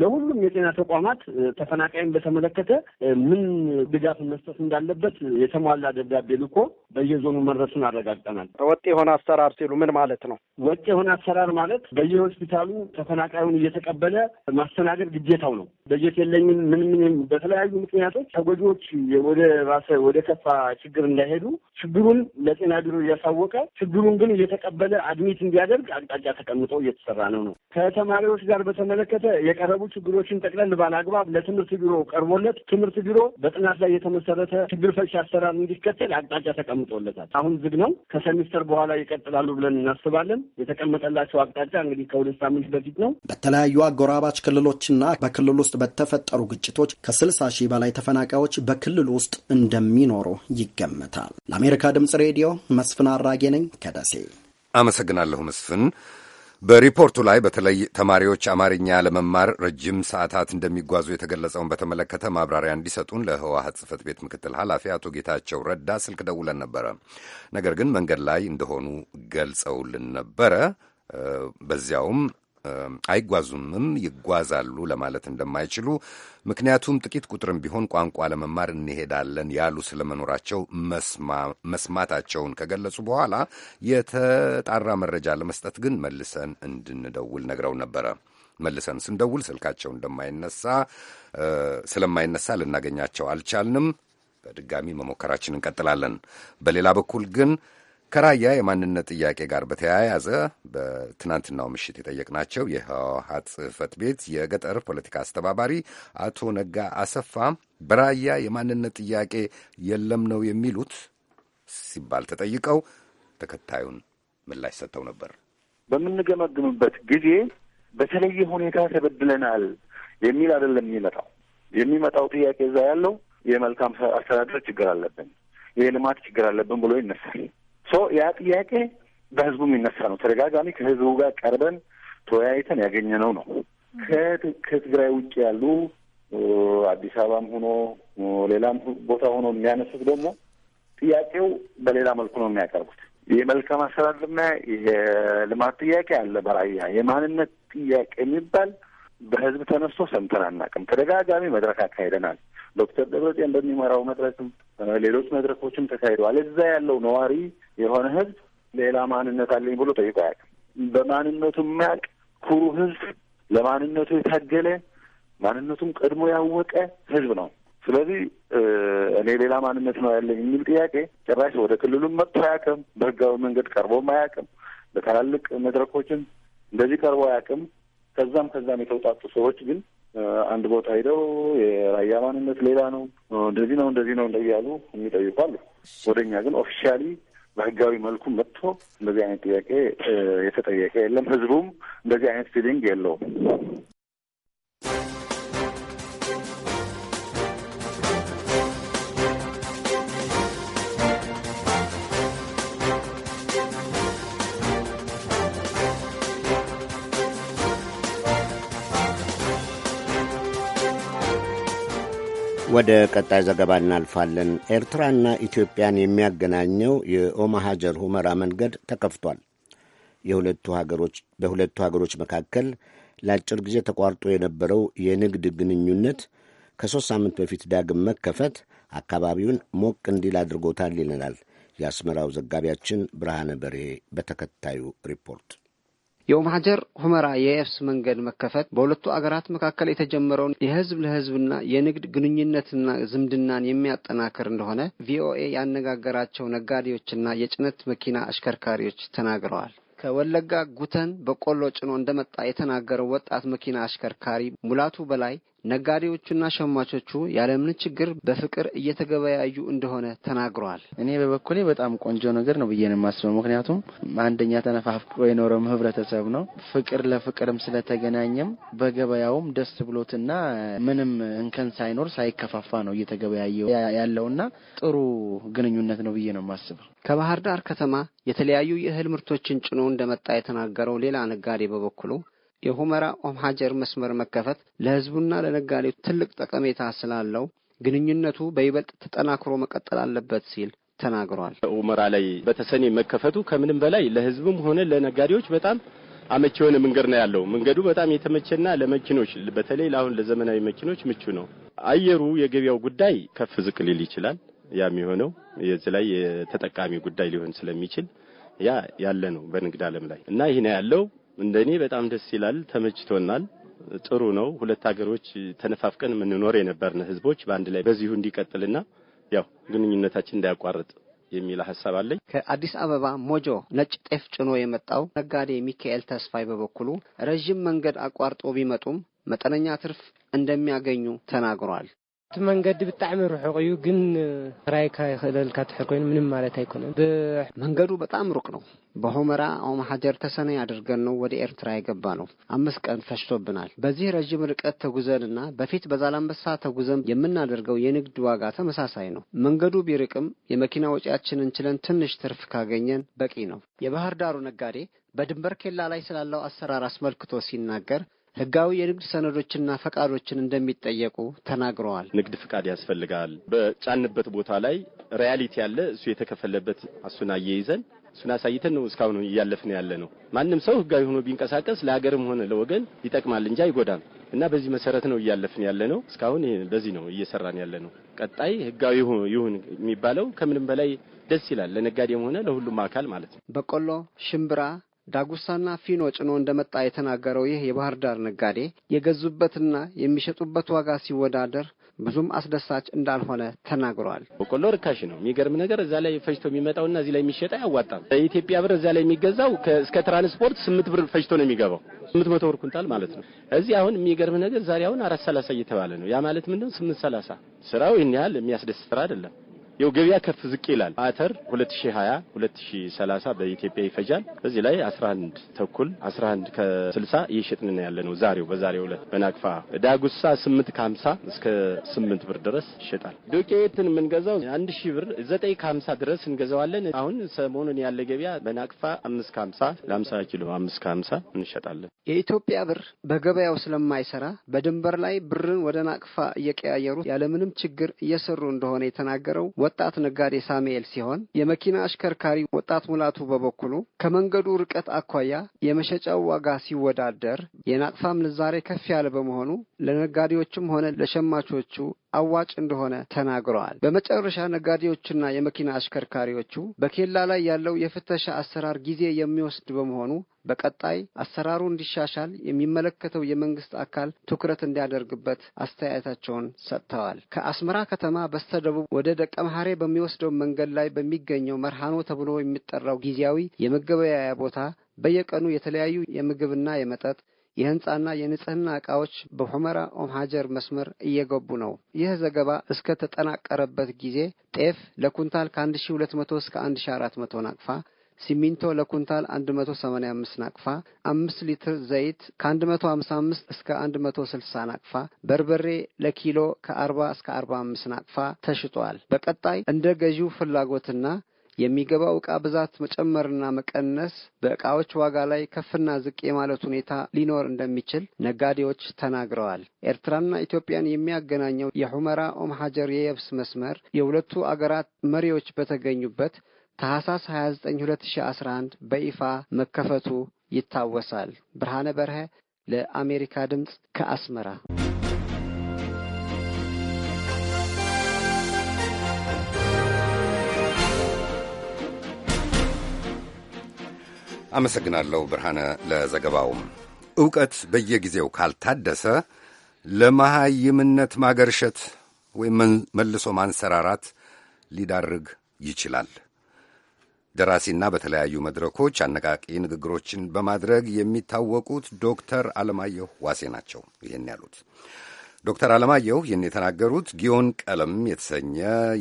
ለሁሉም የጤና ተቋማት ተፈናቃይን በተመለከተ ምን ድጋፍ መስጠት እንዳለበት የተሟላ ደብዳቤ ልኮ በየዞኑ መድረሱን አረጋግጠናል። ወጥ የሆነ አሰራር ሲሉ ምን ማለት ነው? ወጥ የሆነ አሰራር ማለት በየሆስፒታሉ ተፈናቃዩን እየተቀበለ ማስተናገድ ግዴታው ነው። በጀት የለኝም ምን ምንም በተለያዩ ምክንያቶች ተጎጂዎች ወደ ባሰ ወደ ከፋ ችግር እንዳይሄዱ ችግሩን ለጤና ቢሮ እያሳወቀ ችግሩን ግን እየተቀበለ አድሚት እንዲያደርግ አቅጣጫ ተቀምጦ እየተሰራ ነው ነው ከተማሪዎች ጋር በተመለከተ የቀረቡ ችግሮችን ጠቅለል ባለ አግባብ ለትምህርት ቢሮ ቀርቦለት ትምህርት ቢሮ በጥናት ላይ የተመሰረተ ችግር ፈች አሰራር እንዲከተል አቅጣጫ ተቀምጦለታል። አሁን ዝግ ነው። ከሰሚስተር በኋላ ይቀጥላሉ ብለን እናስባለን። የተቀመጠላቸው አቅጣጫ እንግዲህ ከሁለት ሳምንት በፊት ነው። በተለያዩ አጎራባች ክልሎችና በክልል ውስጥ በተፈጠሩ ግጭቶች ከስልሳ ሺህ በላይ ተፈናቃዮች በክልል ውስጥ እንደሚኖሩ ይገመታል። ለአሜሪካ ድምጽ ሬዲዮ መስፍን አራጌ ነኝ ከደሴ አመሰግናለሁ መስፍን። በሪፖርቱ ላይ በተለይ ተማሪዎች አማርኛ ለመማር ረጅም ሰዓታት እንደሚጓዙ የተገለጸውን በተመለከተ ማብራሪያ እንዲሰጡን ለህወሀት ጽህፈት ቤት ምክትል ኃላፊ አቶ ጌታቸው ረዳ ስልክ ደውለን ነበረ። ነገር ግን መንገድ ላይ እንደሆኑ ገልጸውልን ነበረ። በዚያውም አይጓዙምም ይጓዛሉ ለማለት እንደማይችሉ ምክንያቱም ጥቂት ቁጥርም ቢሆን ቋንቋ ለመማር እንሄዳለን ያሉ ስለመኖራቸው መስማታቸውን ከገለጹ በኋላ የተጣራ መረጃ ለመስጠት ግን መልሰን እንድንደውል ነግረው ነበረ። መልሰን ስንደውል ስልካቸው እንደማይነሳ ስለማይነሳ ልናገኛቸው አልቻልንም። በድጋሚ መሞከራችን እንቀጥላለን። በሌላ በኩል ግን ከራያ የማንነት ጥያቄ ጋር በተያያዘ በትናንትናው ምሽት የጠየቅናቸው የህወሀት ጽህፈት ቤት የገጠር ፖለቲካ አስተባባሪ አቶ ነጋ አሰፋ በራያ የማንነት ጥያቄ የለም ነው የሚሉት ሲባል ተጠይቀው ተከታዩን ምላሽ ሰጥተው ነበር። በምንገመግምበት ጊዜ በተለየ ሁኔታ ተበድለናል የሚል አይደለም የሚመጣው የሚመጣው ጥያቄ እዛ ያለው የመልካም አስተዳደር ችግር አለብን፣ የልማት ችግር አለብን ብሎ ይነሳል። ሶ ያ ጥያቄ በህዝቡ የሚነሳ ነው። ተደጋጋሚ ከህዝቡ ጋር ቀርበን ተወያይተን ያገኘነው ነው። ከትግራይ ውጭ ያሉ አዲስ አበባም ሆኖ ሌላም ቦታ ሆኖ የሚያነሱት ደግሞ ጥያቄው በሌላ መልኩ ነው የሚያቀርቡት። የመልካም አስተዳደርና የልማት ጥያቄ አለ በራያ የማንነት ጥያቄ የሚባል በህዝብ ተነስቶ ሰምተን አናውቅም። ተደጋጋሚ መድረክ አካሂደናል። ዶክተር ደብረጽዮን በሚመራው መድረክም ሌሎች መድረኮችም ተካሂደዋል። እዛ ያለው ነዋሪ የሆነ ህዝብ ሌላ ማንነት አለኝ ብሎ ጠይቆ አያውቅም። በማንነቱ የማያውቅ ኩሩ ህዝብ፣ ለማንነቱ የታገለ ማንነቱም ቀድሞ ያወቀ ህዝብ ነው። ስለዚህ እኔ ሌላ ማንነት ነው ያለኝ የሚል ጥያቄ ጭራሽ ወደ ክልሉም መጥቶ አያውቅም። በህጋዊ መንገድ ቀርቦም አያውቅም። በታላልቅ መድረኮችም እንደዚህ ቀርቦ አያውቅም። ከዛም ከዛም የተውጣጡ ሰዎች ግን አንድ ቦታ ሄደው የራያ ማንነት ሌላ ነው፣ እንደዚህ ነው፣ እንደዚህ ነው እንደያሉ የሚጠይቁ አሉ። ወደ እኛ ግን ኦፊሻሊ በህጋዊ መልኩ መጥቶ እንደዚህ አይነት ጥያቄ የተጠየቀ የለም። ህዝቡም እንደዚህ አይነት ፊሊንግ የለውም። ወደ ቀጣይ ዘገባ እናልፋለን። ኤርትራና ኢትዮጵያን የሚያገናኘው የኦማሃጀር ሁመራ መንገድ ተከፍቷል። በሁለቱ ሀገሮች መካከል ለአጭር ጊዜ ተቋርጦ የነበረው የንግድ ግንኙነት ከሦስት ሳምንት በፊት ዳግም መከፈት አካባቢውን ሞቅ እንዲል አድርጎታል ይለናል የአስመራው ዘጋቢያችን ብርሃነ በርሄ በተከታዩ ሪፖርት የኦም ሀጀር ሁመራ የየብስ መንገድ መከፈት በሁለቱ አገራት መካከል የተጀመረውን የህዝብ ለህዝብና የንግድ ግንኙነትና ዝምድናን የሚያጠናክር እንደሆነ ቪኦኤ ያነጋገራቸው ነጋዴዎችና የጭነት መኪና አሽከርካሪዎች ተናግረዋል። ከወለጋ ጉተን በቆሎ ጭኖ እንደመጣ የተናገረው ወጣት መኪና አሽከርካሪ ሙላቱ በላይ ነጋዴዎቹና ሸማቾቹ ያለምን ችግር በፍቅር እየተገበያዩ እንደሆነ ተናግረዋል። እኔ በበኩሌ በጣም ቆንጆ ነገር ነው ብዬ ነው የማስበው። ምክንያቱም አንደኛ ተነፋፍቆ የኖረም ህብረተሰብ ነው። ፍቅር ለፍቅርም ስለተገናኘም በገበያውም ደስ ብሎትና ምንም እንከን ሳይኖር ሳይከፋፋ ነው እየተገበያየ ያለውና ጥሩ ግንኙነት ነው ብዬ ነው የማስበው። ከባህር ዳር ከተማ የተለያዩ የእህል ምርቶችን ጭኖ እንደመጣ የተናገረው ሌላ ነጋዴ በበኩሉ የሁመራ ኦም ሀጀር መስመር መከፈት ለህዝቡና ለነጋዴው ትልቅ ጠቀሜታ ስላለው ግንኙነቱ በይበልጥ ተጠናክሮ መቀጠል አለበት ሲል ተናግሯል። ሁመራ ላይ በተሰኔ መከፈቱ ከምንም በላይ ለህዝቡም ሆነ ለነጋዴዎች በጣም አመቺ የሆነ መንገድ ነው ያለው። መንገዱ በጣም የተመቸና ለመኪኖች በተለይ ለአሁን ለዘመናዊ መኪኖች ምቹ ነው። አየሩ የገበያው ጉዳይ ከፍ ዝቅ ሊል ይችላል። ያ የሚሆነው የዚህ ላይ የተጠቃሚ ጉዳይ ሊሆን ስለሚችል ያ ያለ ነው በንግድ ዓለም ላይ እና ይህ ነው ያለው። እንደኔ በጣም ደስ ይላል፣ ተመችቶናል። ጥሩ ነው። ሁለት ሀገሮች ተነፋፍቀን የምንኖር የነበርን ህዝቦች በአንድ ላይ በዚሁ እንዲቀጥልና ያው ግንኙነታችን እንዳያቋርጥ የሚል ሀሳብ አለኝ። ከአዲስ አበባ ሞጆ ነጭ ጤፍ ጭኖ የመጣው ነጋዴ ሚካኤል ተስፋይ በበኩሉ ረዥም መንገድ አቋርጦ ቢመጡም መጠነኛ ትርፍ እንደሚያገኙ ተናግሯል። እቲ መንገዲ ብጣዕሚ ርሑቕ እዩ ግን ራይካ ይኽእለልካ ትሕር ኮይኑ ምንም ማለት ኣይኮነን መንገዱ በጣም ሩቅ ነው በሆመራ ኦም ሓጀር ተሰነይ አድርገን ወደ ኤርትራ የገባ አምስት ቀን ፈጅቶብናል በዚህ ረዥም ርቀት ተጉዘንና በፊት በዛላንበሳ ተጉዘን የምናደርገው የንግድ ዋጋ ተመሳሳይ ነው መንገዱ ቢርቅም የመኪና ወጪያችንን ችለን ትንሽ ትርፍ ካገኘን በቂ ነው የባህር ዳሩ ነጋዴ በድንበር ኬላ ላይ ስላለው አሰራር አስመልክቶ ሲናገር ህጋዊ የንግድ ሰነዶችና ፈቃዶችን እንደሚጠየቁ ተናግረዋል። ንግድ ፈቃድ ያስፈልጋል። በጫንበት ቦታ ላይ ሪያሊቲ ያለ እሱ የተከፈለበት አሱን አያይዘን እሱን አሳይተን ነው እስካሁን እያለፍን ያለ ነው። ማንም ሰው ህጋዊ ሆኖ ቢንቀሳቀስ ለሀገርም ሆነ ለወገን ይጠቅማል እንጂ አይጎዳም እና በዚህ መሰረት ነው እያለፍን ያለ ነው። እስካሁን በዚህ ነው እየሰራን ያለ ነው። ቀጣይ ህጋዊ ይሁን የሚባለው ከምንም በላይ ደስ ይላል፣ ለነጋዴም ሆነ ለሁሉም አካል ማለት ነው። በቆሎ ሽምብራ ዳጉሳና ፊኖ ጭኖ እንደመጣ የተናገረው ይህ የባህር ዳር ነጋዴ የገዙበትና የሚሸጡበት ዋጋ ሲወዳደር ብዙም አስደሳች እንዳልሆነ ተናግሯል። በቆሎ ርካሽ ነው። የሚገርም ነገር እዛ ላይ ፈጅቶ የሚመጣውና እዚህ ላይ የሚሸጠ አያዋጣም። የኢትዮጵያ ብር እዛ ላይ የሚገዛው እስከ ትራንስፖርት ስምንት ብር ፈጅቶ ነው የሚገባው፣ ስምንት መቶ ብር ኩንታል ማለት ነው። እዚህ አሁን የሚገርም ነገር ዛሬ አሁን አራት ሰላሳ እየተባለ ነው። ያ ማለት ምንድነው? ስምንት ሰላሳ ስራው ይህን ያህል የሚያስደስት ስራ አይደለም። የው ገበያ ከፍ ዝቅ ይላል። አተር 2020 2030 በኢትዮጵያ ይፈጃል። በዚህ ላይ 11 ተኩል 11 ከ60 እየሸጥን ያለ ነው ዛሬው በዛሬው ዕለት በናቅፋ ዳጉሳ 8 ከ50 እስከ 8 ብር ድረስ ይሸጣል። ዱቄትን የምንገዛው 1 ሺህ ብር 9 ከ50 ድረስ እንገዛዋለን። አሁን ሰሞኑን ያለ ገበያ በናቅፋ 5 ከ50 ለ50 ኪሎ 5 ከ50 እንሸጣለን። የኢትዮጵያ ብር በገበያው ስለማይሰራ በድንበር ላይ ብርን ወደ ናቅፋ እየቀያየሩ ያለምንም ችግር እየሰሩ እንደሆነ የተናገረው ወጣት ነጋዴ ሳሙኤል ሲሆን የመኪና አሽከርካሪ ወጣት ሙላቱ በበኩሉ ከመንገዱ ርቀት አኳያ የመሸጫው ዋጋ ሲወዳደር የናቅፋ ምንዛሬ ከፍ ያለ በመሆኑ ለነጋዴዎችም ሆነ ለሸማቾቹ አዋጭ እንደሆነ ተናግረዋል። በመጨረሻ ነጋዴዎችና የመኪና አሽከርካሪዎቹ በኬላ ላይ ያለው የፍተሻ አሰራር ጊዜ የሚወስድ በመሆኑ በቀጣይ አሰራሩ እንዲሻሻል የሚመለከተው የመንግስት አካል ትኩረት እንዲያደርግበት አስተያየታቸውን ሰጥተዋል። ከአስመራ ከተማ በስተደቡብ ወደ ደቀ መሐሬ በሚወስደው መንገድ ላይ በሚገኘው መርሃኖ ተብሎ የሚጠራው ጊዜያዊ የመገበያያ ቦታ በየቀኑ የተለያዩ የምግብና የመጠጥ የህንፃና የንጽህና እቃዎች በሑመራ ኦም ሀጀር መስመር እየገቡ ነው። ይህ ዘገባ እስከ ተጠናቀረበት ጊዜ ጤፍ ለኩንታል ከ1200 እስከ 1400 ናቅፋ፣ ሲሚንቶ ለኩንታል 185 ናቅፋ፣ 5 ሊትር ዘይት ከ155 እስከ 160 ናቅፋ፣ በርበሬ ለኪሎ ከ40 እስከ 45 ናቅፋ ተሽጧል። በቀጣይ እንደ ገዢው ፍላጎትና የሚገባው ዕቃ ብዛት መጨመርና መቀነስ በዕቃዎች ዋጋ ላይ ከፍና ዝቅ የማለት ሁኔታ ሊኖር እንደሚችል ነጋዴዎች ተናግረዋል። ኤርትራና ኢትዮጵያን የሚያገናኘው የሑመራ ኦም ሐጀር የየብስ መስመር የሁለቱ አገራት መሪዎች በተገኙበት ታህሳስ 29 2011 በይፋ መከፈቱ ይታወሳል። ብርሃነ በርሀ ለአሜሪካ ድምፅ ከአስመራ አመሰግናለሁ ብርሃነ ለዘገባውም። እውቀት በየጊዜው ካልታደሰ ለመሐይምነት ማገርሸት ወይም መልሶ ማንሰራራት ሊዳርግ ይችላል። ደራሲና በተለያዩ መድረኮች አነቃቂ ንግግሮችን በማድረግ የሚታወቁት ዶክተር አለማየሁ ዋሴ ናቸው ይህን ያሉት። ዶክተር አለማየሁ ይህን የተናገሩት ጊዮን ቀለም የተሰኘ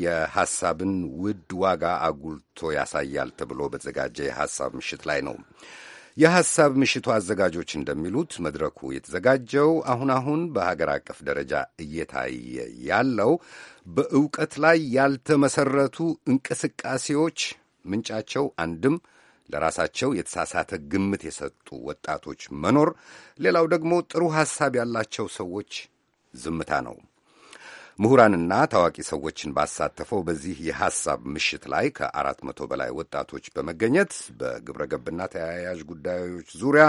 የሐሳብን ውድ ዋጋ አጉልቶ ያሳያል ተብሎ በተዘጋጀ የሐሳብ ምሽት ላይ ነው። የሐሳብ ምሽቱ አዘጋጆች እንደሚሉት መድረኩ የተዘጋጀው አሁን አሁን በሀገር አቀፍ ደረጃ እየታየ ያለው በእውቀት ላይ ያልተመሰረቱ እንቅስቃሴዎች ምንጫቸው አንድም ለራሳቸው የተሳሳተ ግምት የሰጡ ወጣቶች መኖር፣ ሌላው ደግሞ ጥሩ ሐሳብ ያላቸው ሰዎች ዝምታ ነው። ምሁራንና ታዋቂ ሰዎችን ባሳተፈው በዚህ የሐሳብ ምሽት ላይ ከአራት መቶ በላይ ወጣቶች በመገኘት በግብረ ገብና ተያያዥ ጉዳዮች ዙሪያ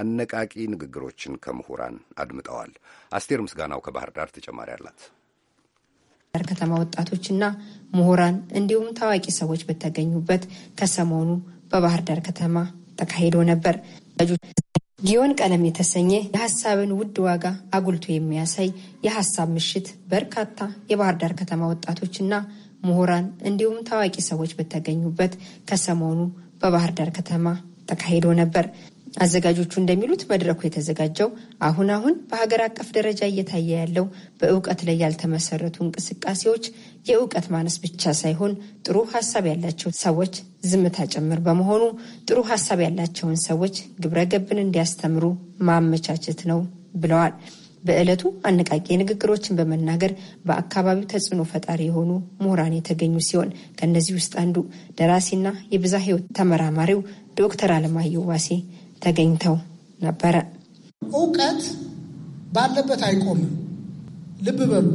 አነቃቂ ንግግሮችን ከምሁራን አድምጠዋል። አስቴር ምስጋናው ከባህር ዳር ተጨማሪ አላት። ከተማ ወጣቶችና ምሁራን እንዲሁም ታዋቂ ሰዎች በተገኙበት ከሰሞኑ በባህር ዳር ከተማ ተካሂዶ ነበር። ጊዮን ቀለም የተሰኘ የሀሳብን ውድ ዋጋ አጉልቶ የሚያሳይ የሀሳብ ምሽት በርካታ የባህር ዳር ከተማ ወጣቶችና ምሁራን እንዲሁም ታዋቂ ሰዎች በተገኙበት ከሰሞኑ በባህር ዳር ከተማ ተካሂዶ ነበር። አዘጋጆቹ እንደሚሉት መድረኩ የተዘጋጀው አሁን አሁን በሀገር አቀፍ ደረጃ እየታየ ያለው በእውቀት ላይ ያልተመሰረቱ እንቅስቃሴዎች የእውቀት ማነስ ብቻ ሳይሆን ጥሩ ሀሳብ ያላቸው ሰዎች ዝምታ ጭምር በመሆኑ ጥሩ ሀሳብ ያላቸውን ሰዎች ግብረ ገብን እንዲያስተምሩ ማመቻቸት ነው ብለዋል። በዕለቱ አነቃቂ ንግግሮችን በመናገር በአካባቢው ተጽዕኖ ፈጣሪ የሆኑ ምሁራን የተገኙ ሲሆን ከእነዚህ ውስጥ አንዱ ደራሲና የብዛ ህይወት ተመራማሪው ዶክተር አለማየሁ ዋሴ ተገኝተው ነበረ። እውቀት ባለበት አይቆምም። ልብ በሉ።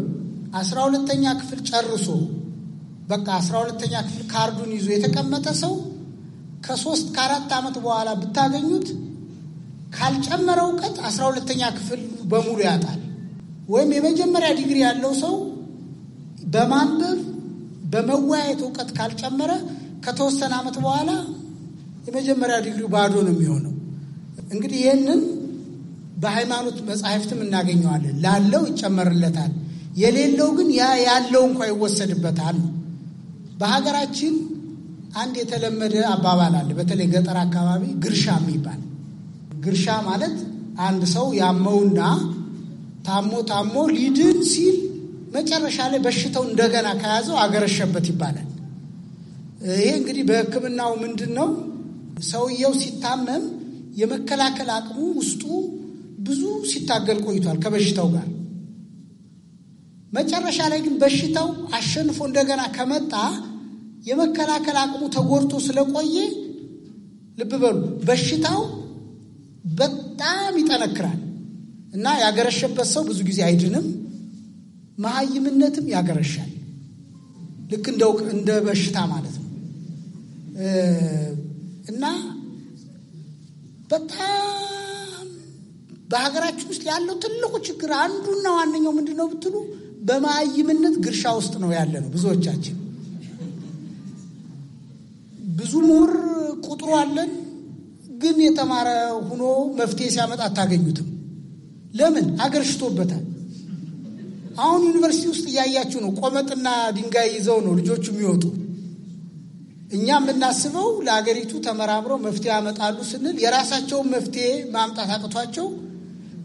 አስራ ሁለተኛ ክፍል ጨርሶ በቃ አስራ ሁለተኛ ክፍል ካርዱን ይዞ የተቀመጠ ሰው ከሶስት ከአራት ዓመት በኋላ ብታገኙት ካልጨመረ እውቀት አስራ ሁለተኛ ክፍል በሙሉ ያጣል። ወይም የመጀመሪያ ዲግሪ ያለው ሰው በማንበብ በመወያየት እውቀት ካልጨመረ ከተወሰነ ዓመት በኋላ የመጀመሪያ ዲግሪ ባዶ ነው የሚሆነው። እንግዲህ ይህንን በሃይማኖት መጽሐፍትም እናገኘዋለን። ላለው ይጨመርለታል፣ የሌለው ግን ያ ያለው እንኳ ይወሰድበታል በሀገራችን አንድ የተለመደ አባባል አለ። በተለይ ገጠር አካባቢ ግርሻ የሚባል ግርሻ ማለት አንድ ሰው ያመውና ታሞ ታሞ ሊድን ሲል መጨረሻ ላይ በሽታው እንደገና ከያዘው አገረሸበት ይባላል። ይሄ እንግዲህ በሕክምናው ምንድን ነው ሰውየው ሲታመም የመከላከል አቅሙ ውስጡ ብዙ ሲታገል ቆይቷል ከበሽታው ጋር። መጨረሻ ላይ ግን በሽታው አሸንፎ እንደገና ከመጣ የመከላከል አቅሙ ተጎድቶ ስለቆየ ልብ በሉ በሽታው በጣም ይጠነክራል እና ያገረሸበት ሰው ብዙ ጊዜ አይድንም። መሀይምነትም ያገረሻል። ልክ እንደ በሽታ ማለት ነው እና በጣም በሀገራችን ውስጥ ያለው ትልቁ ችግር አንዱና ዋነኛው ምንድን ነው ብትሉ በማይምነት ግርሻ ውስጥ ነው ያለ ነው። ብዙዎቻችን ብዙ ምሁር ቁጥሩ አለን፣ ግን የተማረ ሆኖ መፍትሄ ሲያመጣ አታገኙትም። ለምን? ሀገር ሽቶበታል። አሁን ዩኒቨርሲቲ ውስጥ እያያችሁ ነው። ቆመጥና ድንጋይ ይዘው ነው ልጆቹ የሚወጡ። እኛ የምናስበው ለአገሪቱ ተመራምረው መፍትሄ ያመጣሉ ስንል የራሳቸውን መፍትሄ ማምጣት አቅቷቸው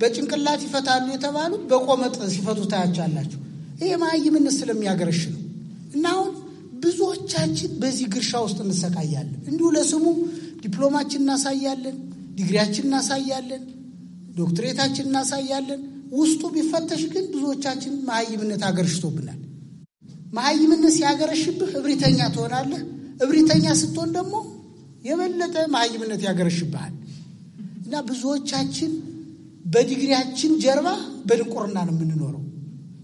በጭንቅላት ይፈታሉ የተባሉት በቆመጥ ሲፈቱ ታያቻላችሁ። ይሄ መሀይምነት ስለሚያገረሽ ነው። እና አሁን ብዙዎቻችን በዚህ ግርሻ ውስጥ እንሰቃያለን። እንዲሁ ለስሙ ዲፕሎማችን እናሳያለን፣ ዲግሪያችን እናሳያለን፣ ዶክትሬታችን እናሳያለን። ውስጡ ቢፈተሽ ግን ብዙዎቻችን መሀይምነት አገርሽቶብናል። መሀይምነት ሲያገረሽብህ እብሪተኛ ትሆናለህ። እብሪተኛ ስትሆን ደግሞ የበለጠ መሀይምነት ያገረሽብሃል እና ብዙዎቻችን በዲግሪያችን ጀርባ በድንቁርና ነው የምንኖረው።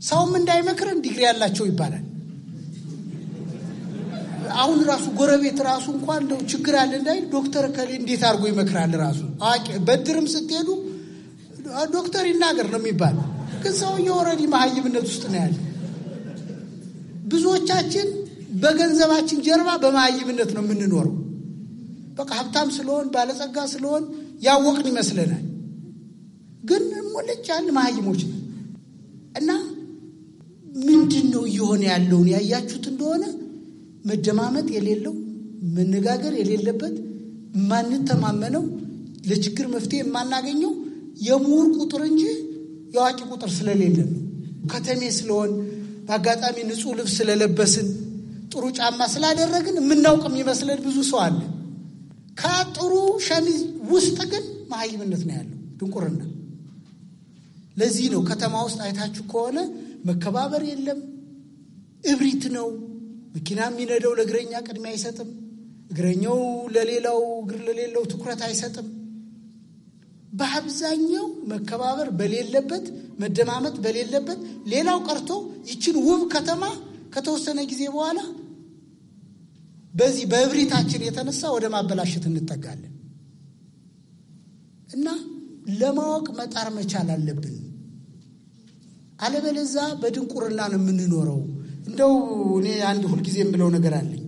ሰውም እንዳይመክረን ዲግሪ ያላቸው ይባላል። አሁን ራሱ ጎረቤት ራሱ እንኳን እንደው ችግር አለ እንዳይል ዶክተር ከሌ እንዴት አድርጎ ይመክራል። ራሱ በድርም ስትሄዱ ዶክተር ይናገር ነው የሚባል፣ ግን ሰውዬው ኦልሬዲ መሀይምነት ውስጥ ነው ያለ ብዙዎቻችን በገንዘባችን ጀርባ በማይምነት ነው የምንኖረው። በቃ ሀብታም ስለሆን ባለጸጋ ስለሆን ያወቅን ይመስለናል። ግን ሙልጭ ያን መሀይሞች እና ምንድን ነው እየሆነ ያለውን ያያችሁት እንደሆነ መደማመጥ የሌለው መነጋገር የሌለበት የማንተማመነው ለችግር መፍትሄ የማናገኘው የምሁር ቁጥር እንጂ የአዋቂ ቁጥር ስለሌለ ነው። ከተሜ ስለሆን በአጋጣሚ ንጹህ ልብስ ስለለበስን ጥሩ ጫማ ስላደረግን የምናውቅ የሚመስለን ብዙ ሰው አለ። ከጥሩ ሸሚዝ ውስጥ ግን መሀይምነት ነው ያለው፣ ድንቁርና። ለዚህ ነው ከተማ ውስጥ አይታችሁ ከሆነ መከባበር የለም፣ እብሪት ነው። መኪና የሚነዳው ለእግረኛ ቅድሚያ አይሰጥም። እግረኛው ለሌላው እግር ለሌለው ትኩረት አይሰጥም። በአብዛኛው መከባበር በሌለበት መደማመጥ በሌለበት ሌላው ቀርቶ ይችን ውብ ከተማ ከተወሰነ ጊዜ በኋላ በዚህ በእብሪታችን የተነሳ ወደ ማበላሸት እንጠጋለን እና ለማወቅ መጣር መቻል አለብን። አለበለዛ በድንቁርና ነው የምንኖረው። እንደው እኔ አንድ ሁልጊዜ የምለው ነገር አለኝ።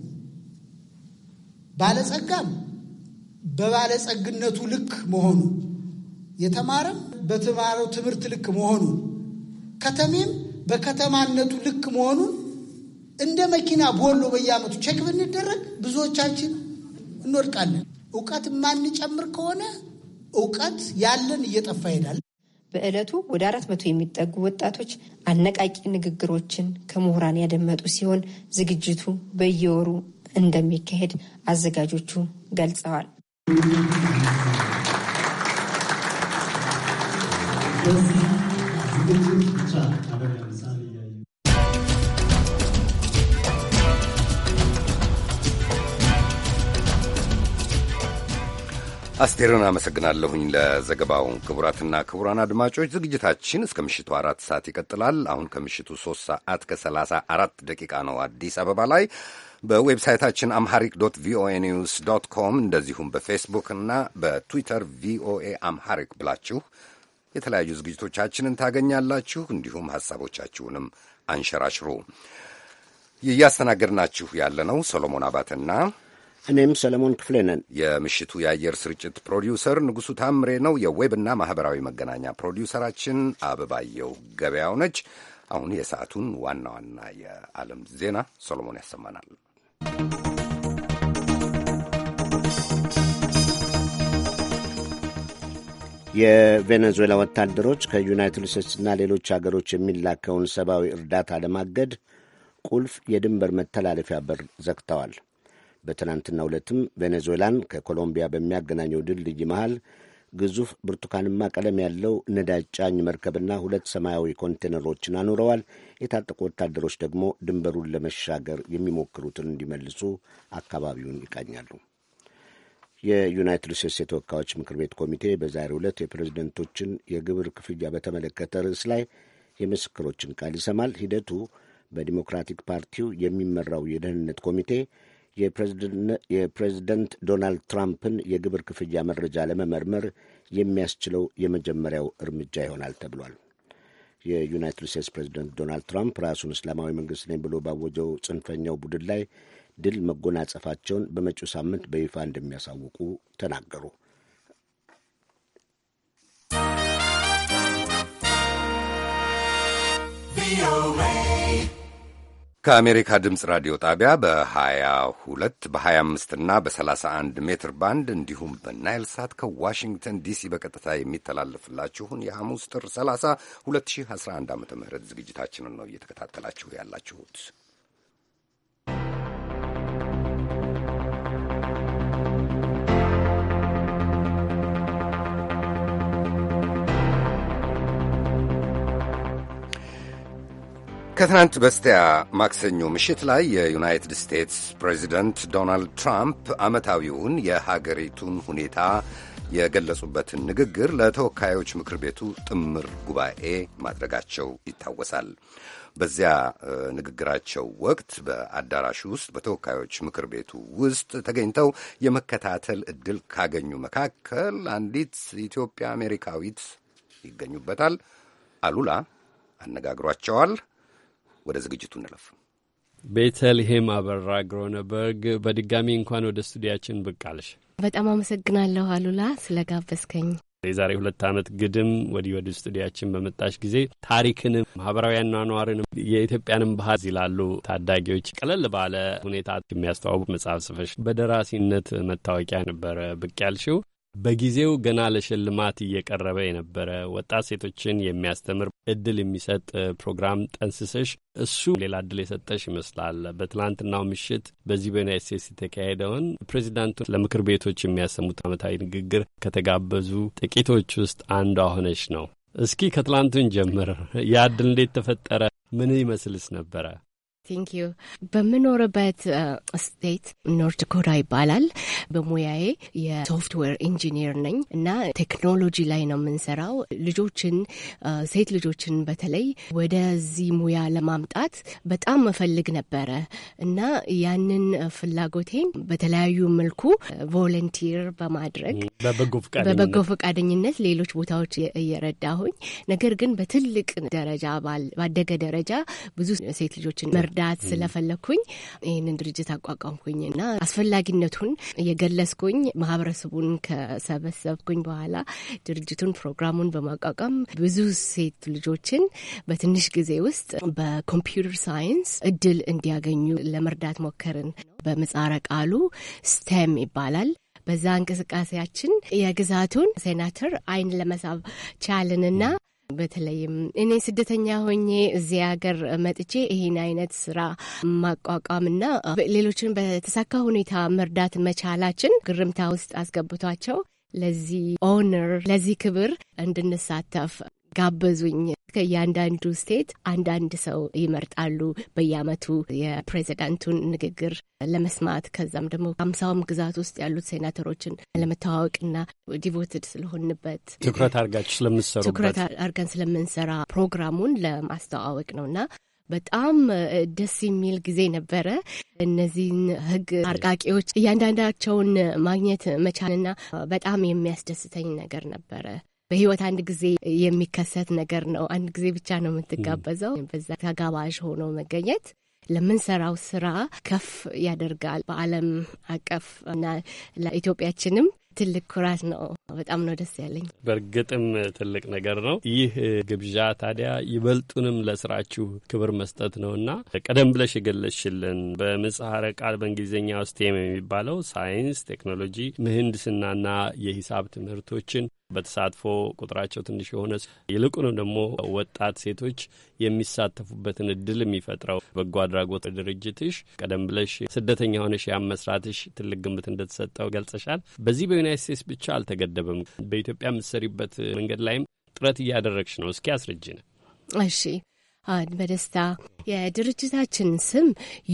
ባለጸጋም በባለጸግነቱ ልክ መሆኑ፣ የተማረም በተማረው ትምህርት ልክ መሆኑ፣ ከተሜም በከተማነቱ ልክ መሆኑን እንደ መኪና ቦሎ በየአመቱ ቼክ ብንደረግ ብዙዎቻችን እንወድቃለን። እውቀት ማንጨምር ከሆነ እውቀት ያለን እየጠፋ ይሄዳል። በዕለቱ ወደ አራት መቶ የሚጠጉ ወጣቶች አነቃቂ ንግግሮችን ከምሁራን ያደመጡ ሲሆን ዝግጅቱ በየወሩ እንደሚካሄድ አዘጋጆቹ ገልጸዋል። አስቴርን አመሰግናለሁኝ ለዘገባው። ክቡራትና ክቡራን አድማጮች ዝግጅታችን እስከ ምሽቱ አራት ሰዓት ይቀጥላል። አሁን ከምሽቱ ሶስት ሰዓት ከሰላሳ አራት ደቂቃ ነው አዲስ አበባ ላይ። በዌብሳይታችን አምሃሪክ ዶት ቪኦኤ ኒውስ ዶት ኮም እንደዚሁም በፌስቡክ እና በትዊተር ቪኦኤ አምሃሪክ ብላችሁ የተለያዩ ዝግጅቶቻችንን ታገኛላችሁ። እንዲሁም ሐሳቦቻችሁንም አንሸራሽሩ። እያስተናገድናችሁ ያለ ነው ሰሎሞን አባተና እኔም ሰለሞን ክፍሌ ነን። የምሽቱ የአየር ስርጭት ፕሮዲውሰር ንጉሡ ታምሬ ነው። የዌብና ማኅበራዊ መገናኛ ፕሮዲውሰራችን አበባየው ገበያው ነች። አሁን የሰዓቱን ዋና ዋና የዓለም ዜና ሰሎሞን ያሰማናል። የቬኔዙዌላ ወታደሮች ከዩናይትድ ስቴትስና ሌሎች አገሮች የሚላከውን ሰብአዊ እርዳታ ለማገድ ቁልፍ የድንበር መተላለፊያ በር ዘግተዋል። በትናንትናው ዕለትም ቬኔዙዌላን ከኮሎምቢያ በሚያገናኘው ድልድይ መሃል ግዙፍ ብርቱካንማ ቀለም ያለው ነዳጅ ጫኝ መርከብና ሁለት ሰማያዊ ኮንቴነሮችን አኑረዋል። የታጠቁ ወታደሮች ደግሞ ድንበሩን ለመሻገር የሚሞክሩትን እንዲመልሱ አካባቢውን ይቃኛሉ። የዩናይትድ ስቴትስ የተወካዮች ምክር ቤት ኮሚቴ በዛሬው ዕለት የፕሬዝደንቶችን የግብር ክፍያ በተመለከተ ርዕስ ላይ የምስክሮችን ቃል ይሰማል። ሂደቱ በዲሞክራቲክ ፓርቲው የሚመራው የደህንነት ኮሚቴ የፕሬዝደንት ዶናልድ ትራምፕን የግብር ክፍያ መረጃ ለመመርመር የሚያስችለው የመጀመሪያው እርምጃ ይሆናል ተብሏል። የዩናይትድ ስቴትስ ፕሬዝደንት ዶናልድ ትራምፕ ራሱን እስላማዊ መንግሥት ነኝ ብሎ ባወጀው ጽንፈኛው ቡድን ላይ ድል መጎናጸፋቸውን በመጪው ሳምንት በይፋ እንደሚያሳውቁ ተናገሩ። Be ከአሜሪካ ድምፅ ራዲዮ ጣቢያ በ22 በ25 እና በ31 ሜትር ባንድ እንዲሁም በናይል ሳት ከዋሽንግተን ዲሲ በቀጥታ የሚተላለፍላችሁን የሐሙስ ጥር 30 2011 ዓ ም ዝግጅታችንን ነው እየተከታተላችሁ ያላችሁት። ከትናንት በስቲያ ማክሰኞ ምሽት ላይ የዩናይትድ ስቴትስ ፕሬዚደንት ዶናልድ ትራምፕ ዓመታዊውን የሀገሪቱን ሁኔታ የገለጹበትን ንግግር ለተወካዮች ምክር ቤቱ ጥምር ጉባኤ ማድረጋቸው ይታወሳል። በዚያ ንግግራቸው ወቅት በአዳራሹ ውስጥ በተወካዮች ምክር ቤቱ ውስጥ ተገኝተው የመከታተል እድል ካገኙ መካከል አንዲት ኢትዮጵያ አሜሪካዊት ይገኙበታል። አሉላ አነጋግሯቸዋል። ወደ ዝግጅቱ እንለፍ። ቤተልሔም አበራ ግሮነበርግ በድጋሚ እንኳን ወደ ስቱዲያችን ብቅ አልሽ። በጣም አመሰግናለሁ አሉላ ስለ ስለጋበዝከኝ። የዛሬ ሁለት ዓመት ግድም ወዲህ ወደ ስቱዲያችን በመጣሽ ጊዜ ታሪክንም ማህበራዊ አኗኗርንም የኢትዮጵያንም ባህል ይላሉ ታዳጊዎች ቀለል ባለ ሁኔታ የሚያስተዋውቅ መጽሐፍ ጽፈሽ በደራሲነት መታወቂያ ነበረ ብቅ ያልሽው። በጊዜው ገና ለሽልማት እየቀረበ የነበረ ወጣት ሴቶችን የሚያስተምር እድል የሚሰጥ ፕሮግራም ጠንስሰሽ እሱ ሌላ እድል የሰጠሽ ይመስላል። በትላንትናው ምሽት በዚህ በዩናይት ስቴትስ የተካሄደውን ፕሬዚዳንቱ ለምክር ቤቶች የሚያሰሙት ዓመታዊ ንግግር ከተጋበዙ ጥቂቶች ውስጥ አንዷ ሆነች ነው። እስኪ ከትላንቱን ጀምር። ያ እድል እንዴት ተፈጠረ? ምን ይመስልስ ነበረ? ቴንክ ዩ። በምኖርበት ስቴት ኖርት ዳኮታ ይባላል። በሙያዬ የሶፍትዌር ኢንጂኒር ነኝ እና ቴክኖሎጂ ላይ ነው የምንሰራው። ልጆችን uh, ሴት ልጆችን በተለይ ወደዚህ ሙያ ለማምጣት በጣም መፈልግ ነበረ እና ያንን ፍላጎቴን በተለያዩ መልኩ ቮለንቲር uh, በማድረግ በበጎ ፈቃደኝነት ሌሎች ቦታዎች እየረዳሁኝ ነገር ግን በትልቅ ደረጃ ባደገ ደረጃ ብዙ ሴት ልጆችን መርዳት ስለፈለግኩኝ ይህንን ድርጅት አቋቋምኩኝ እና አስፈላጊነቱን የገለጽኩኝ ማህበረሰቡን ከሰበሰብኩኝ በኋላ ድርጅቱን ፕሮግራሙን በማቋቋም ብዙ ሴት ልጆችን በትንሽ ጊዜ ውስጥ በኮምፒውተር ሳይንስ እድል እንዲያገኙ ለመርዳት ሞከርን። በምህጻረ ቃሉ ስቴም ይባላል። በዛ እንቅስቃሴያችን የግዛቱን ሴናተር አይን ለመሳብ ቻልንና በተለይም እኔ ስደተኛ ሆኜ እዚህ ሀገር መጥቼ ይህን አይነት ስራ ማቋቋምና ሌሎችን በተሳካ ሁኔታ መርዳት መቻላችን ግርምታ ውስጥ አስገብቷቸው ለዚህ ኦነር ለዚህ ክብር እንድንሳተፍ ጋበዙኝ። ከእያንዳንዱ ስቴት አንዳንድ ሰው ይመርጣሉ በየአመቱ የፕሬዚዳንቱን ንግግር ለመስማት ከዛም ደግሞ ሀምሳውም ግዛት ውስጥ ያሉት ሴናተሮችን ለመተዋወቅና ዲቮትድ ስለሆንበት ትኩረት አርጋችሁ ስለምሰሩ ትኩረት አርገን ስለምንሰራ ፕሮግራሙን ለማስተዋወቅ ነውና በጣም ደስ የሚል ጊዜ ነበረ። እነዚህን ህግ አርቃቂዎች እያንዳንዳቸውን ማግኘት መቻልና በጣም የሚያስደስተኝ ነገር ነበረ። በህይወት አንድ ጊዜ የሚከሰት ነገር ነው። አንድ ጊዜ ብቻ ነው የምትጋበዘው። በዛ ተጋባዥ ሆኖ መገኘት ለምንሰራው ስራ ከፍ ያደርጋል። በዓለም አቀፍ እና ለኢትዮጵያችንም ትልቅ ኩራት ነው። በጣም ነው ደስ ያለኝ። በእርግጥም ትልቅ ነገር ነው። ይህ ግብዣ ታዲያ ይበልጡንም ለስራችሁ ክብር መስጠት ነውና ቀደም ብለሽ የገለሽልን በምህጻረ ቃል በእንግሊዝኛው ስቴም የሚባለው ሳይንስ፣ ቴክኖሎጂ፣ ምህንድስናና የሂሳብ ትምህርቶችን በተሳትፎ ቁጥራቸው ትንሽ የሆነ ይልቁንም ደግሞ ወጣት ሴቶች የሚሳተፉበትን እድል የሚፈጥረው በጎ አድራጎት ድርጅትሽ ቀደም ብለሽ ስደተኛ ሆነሽ ያን መስራትሽ ትልቅ ግምት እንደተሰጠው ገልጸሻል። በዚህ በዩናይት ስቴትስ ብቻ አልተገደበም። በኢትዮጵያ የምትሰሪበት መንገድ ላይም ጥረት እያደረግሽ ነው። እስኪ አስረጅን። እሺ አድ በደስታ የድርጅታችን ስም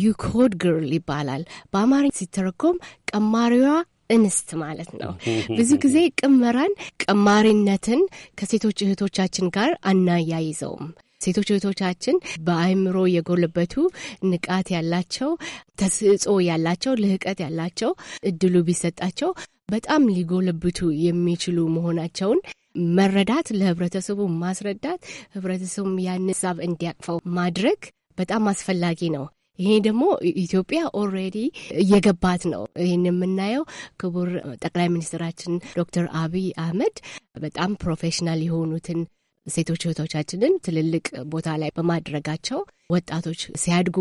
ዩኮድ ግርል ይባላል። በአማርኛ ሲተረጎም ቀማሪዋ እንስት ማለት ነው። ብዙ ጊዜ ቅመራን፣ ቀማሪነትን ከሴቶች እህቶቻችን ጋር አናያይዘውም። ሴቶች እህቶቻችን በአእምሮ የጎለበቱ ንቃት ያላቸው፣ ተሰጥኦ ያላቸው፣ ልህቀት ያላቸው እድሉ ቢሰጣቸው በጣም ሊጎለብቱ የሚችሉ መሆናቸውን መረዳት፣ ለህብረተሰቡ ማስረዳት፣ ህብረተሰቡም ያን ሳብ እንዲያቅፈው ማድረግ በጣም አስፈላጊ ነው። ይሄ ደግሞ ኢትዮጵያ ኦልሬዲ እየገባት ነው። ይህን የምናየው ክቡር ጠቅላይ ሚኒስትራችን ዶክተር አብይ አህመድ በጣም ፕሮፌሽናል የሆኑትን ሴቶች እህቶቻችንን ትልልቅ ቦታ ላይ በማድረጋቸው ወጣቶች ሲያድጉ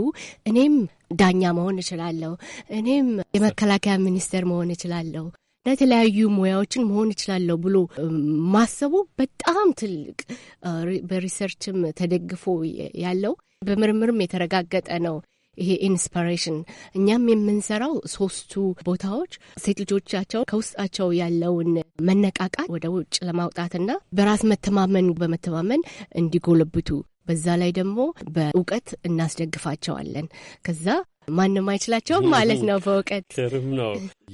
እኔም ዳኛ መሆን እችላለሁ፣ እኔም የመከላከያ ሚኒስቴር መሆን እችላለሁ፣ ለተለያዩ ሙያዎችን መሆን እችላለሁ ብሎ ማሰቡ በጣም ትልቅ በሪሰርችም ተደግፎ ያለው በምርምርም የተረጋገጠ ነው። ይሄ ኢንስፓሬሽን እኛም የምንሰራው ሶስቱ ቦታዎች ሴት ልጆቻቸው ከውስጣቸው ያለውን መነቃቃት ወደ ውጭ ለማውጣትና በራስ መተማመን በመተማመን እንዲጎለብቱ በዛ ላይ ደግሞ በእውቀት እናስደግፋቸዋለን። ከዛ ማንም አይችላቸውም ማለት ነው። በእውቀት ትርም ነው።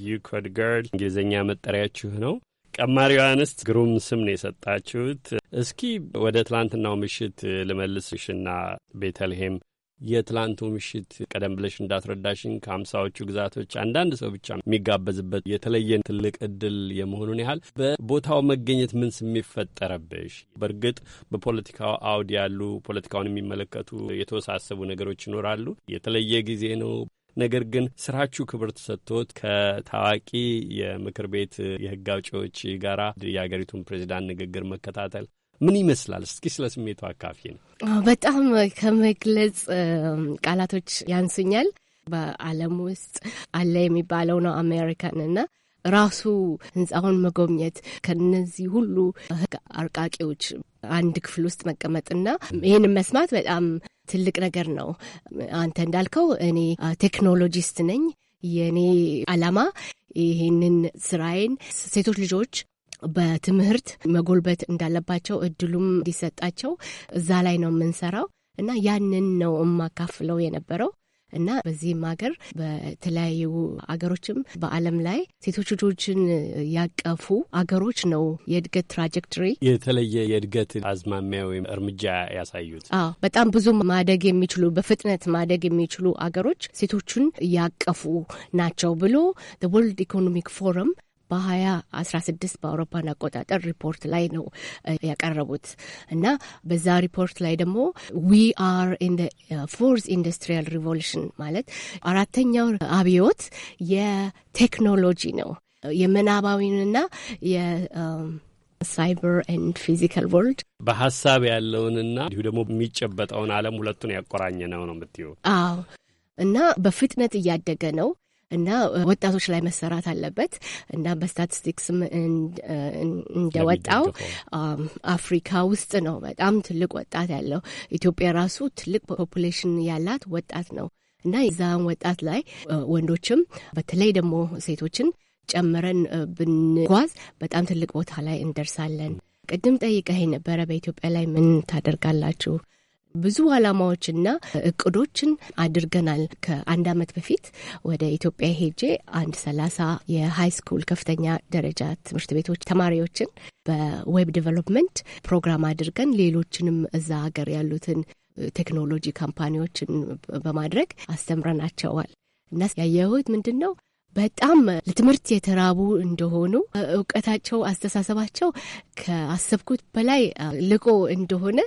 ዩኮድ ገርል እንግሊዝኛ መጠሪያችሁ ነው። ቀማሪዋ አንስት ግሩም ስም ነው የሰጣችሁት። እስኪ ወደ ትላንትናው ምሽት ልመልስሽና ቤተልሔም የትላንቱ ምሽት ቀደም ብለሽ እንዳስረዳሽን ከአምሳዎቹ ግዛቶች አንዳንድ ሰው ብቻ የሚጋበዝበት የተለየ ትልቅ እድል የመሆኑን ያህል በቦታው መገኘት ምን ስሜት ፈጠረብሽ? በእርግጥ በፖለቲካው አውድ ያሉ ፖለቲካውን የሚመለከቱ የተወሳሰቡ ነገሮች ይኖራሉ። የተለየ ጊዜ ነው። ነገር ግን ስራችሁ ክብር ተሰጥቶት ከታዋቂ የምክር ቤት የህግ አውጪዎች ጋራ የአገሪቱን ፕሬዚዳንት ንግግር መከታተል ምን ይመስላል? እስኪ ስለ ስሜቱ አካፊ ነው። በጣም ከመግለጽ ቃላቶች ያንሱኛል። በዓለም ውስጥ አለ የሚባለው ነው አሜሪካን እና ራሱ ህንፃውን መጎብኘት ከነዚህ ሁሉ ህግ አርቃቂዎች አንድ ክፍል ውስጥ መቀመጥና ይህንን መስማት በጣም ትልቅ ነገር ነው። አንተ እንዳልከው እኔ ቴክኖሎጂስት ነኝ። የእኔ አላማ ይህንን ስራዬን ሴቶች ልጆች በትምህርት መጎልበት እንዳለባቸው እድሉም እንዲሰጣቸው እዛ ላይ ነው የምንሰራው እና ያንን ነው የማካፍለው የነበረው እና በዚህም ሀገር በተለያዩ አገሮችም በዓለም ላይ ሴቶች ልጆችን ያቀፉ አገሮች ነው የእድገት ትራጀክትሪ የተለየ የእድገት አዝማሚያ ወይም እርምጃ ያሳዩት። አዎ በጣም ብዙ ማደግ የሚችሉ በፍጥነት ማደግ የሚችሉ አገሮች ሴቶቹን ያቀፉ ናቸው ብሎ ወርልድ ኢኮኖሚክ ፎረም በ2016 በአውሮፓን አቆጣጠር ሪፖርት ላይ ነው ያቀረቡት እና በዛ ሪፖርት ላይ ደግሞ ዊ አር ኢን ፎርዝ ኢንዱስትሪያል ሪቮሉሽን ማለት አራተኛው አብዮት የቴክኖሎጂ ነው። የምናባዊንና ሳይበር ኤንድ ፊዚካል ወርልድ በሀሳብ ያለውንና እንዲሁ ደግሞ የሚጨበጠውን ዓለም ሁለቱን ያቆራኘ ነው ነው የምትይው? አዎ። እና በፍጥነት እያደገ ነው። እና ወጣቶች ላይ መሰራት አለበት እና በስታቲስቲክስም እንደወጣው አፍሪካ ውስጥ ነው በጣም ትልቅ ወጣት ያለው። ኢትዮጵያ ራሱ ትልቅ ፖፑሌሽን ያላት ወጣት ነው እና የዛን ወጣት ላይ ወንዶችም በተለይ ደግሞ ሴቶችን ጨምረን ብንጓዝ በጣም ትልቅ ቦታ ላይ እንደርሳለን። ቅድም ጠይቀኸኝ ነበረ በኢትዮጵያ ላይ ምን ታደርጋላችሁ? ብዙ አላማዎችና እቅዶችን አድርገናል። ከአንድ አመት በፊት ወደ ኢትዮጵያ ሄጄ አንድ ሰላሳ የሃይ ስኩል ከፍተኛ ደረጃ ትምህርት ቤቶች ተማሪዎችን በዌብ ዲቨሎፕመንት ፕሮግራም አድርገን ሌሎችንም እዛ ሀገር ያሉትን ቴክኖሎጂ ካምፓኒዎችን በማድረግ አስተምረናቸዋል እና ያየሁት ምንድን ነው በጣም ለትምህርት የተራቡ እንደሆኑ እውቀታቸው፣ አስተሳሰባቸው ከአሰብኩት በላይ ልቆ እንደሆነ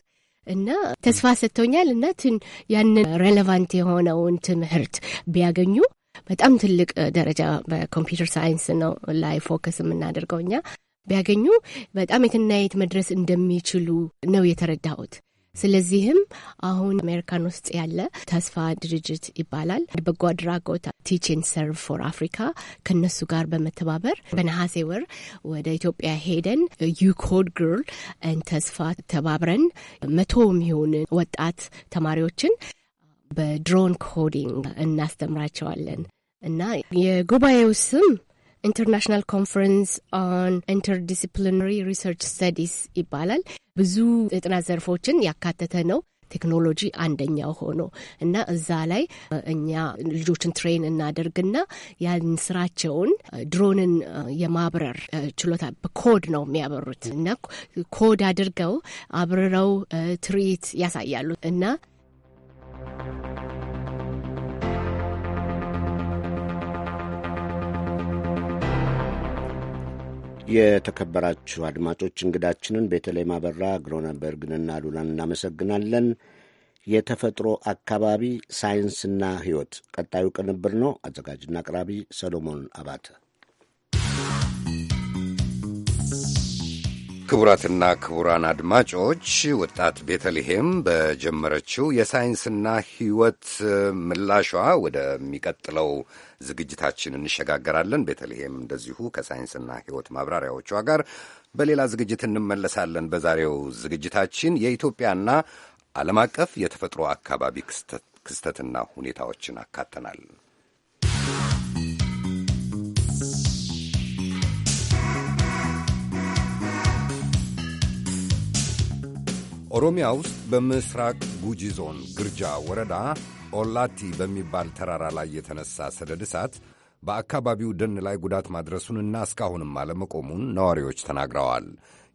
እና ተስፋ ሰጥቶኛል እና ትን ያንን ሬሌቫንት የሆነውን ትምህርት ቢያገኙ በጣም ትልቅ ደረጃ በኮምፒውተር ሳይንስ ነው ላይ ፎከስ የምናደርገው እኛ ቢያገኙ በጣም የትናየት መድረስ እንደሚችሉ ነው የተረዳሁት። ስለዚህም አሁን አሜሪካን ውስጥ ያለ ተስፋ ድርጅት ይባላል በጎ አድራጎት ቲችን ሰርቭ ፎር አፍሪካ ከነሱ ጋር በመተባበር በነሐሴ ወር ወደ ኢትዮጵያ ሄደን ዩኮድ ግርል ተስፋ ተባብረን መቶ የሚሆን ወጣት ተማሪዎችን በድሮን ኮዲንግ እናስተምራቸዋለን እና የጉባኤው ስም ኢንተርናሽናል ኮንፈረንስ ኦን ኢንተርዲሲፕሊናሪ ሪሰርች ስተዲስ ይባላል። ብዙ የጥናት ዘርፎችን ያካተተ ነው። ቴክኖሎጂ አንደኛው ሆኖ እና እዛ ላይ እኛ ልጆችን ትሬን እናደርግና ያን ስራቸውን ድሮንን የማብረር ችሎታ በኮድ ነው የሚያበሩት እና ኮድ አድርገው አብርረው ትርኢት ያሳያሉ እና የተከበራችሁ አድማጮች እንግዳችንን በተለይ ማበራ ግሮነበርግንና ሉላን እናመሰግናለን። የተፈጥሮ አካባቢ ሳይንስና ሕይወት ቀጣዩ ቅንብር ነው። አዘጋጅና አቅራቢ ሰሎሞን አባተ ክቡራትና ክቡራን አድማጮች ወጣት ቤተልሔም በጀመረችው የሳይንስና ሕይወት ምላሿ ወደሚቀጥለው ዝግጅታችን እንሸጋገራለን። ቤተልሔም እንደዚሁ ከሳይንስና ሕይወት ማብራሪያዎቿ ጋር በሌላ ዝግጅት እንመለሳለን። በዛሬው ዝግጅታችን የኢትዮጵያና ዓለም አቀፍ የተፈጥሮ አካባቢ ክስተትና ሁኔታዎችን አካተናል። ኦሮሚያ ውስጥ በምስራቅ ጉጂ ዞን ግርጃ ወረዳ ኦላቲ በሚባል ተራራ ላይ የተነሳ ሰደድ እሳት በአካባቢው ደን ላይ ጉዳት ማድረሱንና እስካሁንም አለመቆሙን ነዋሪዎች ተናግረዋል።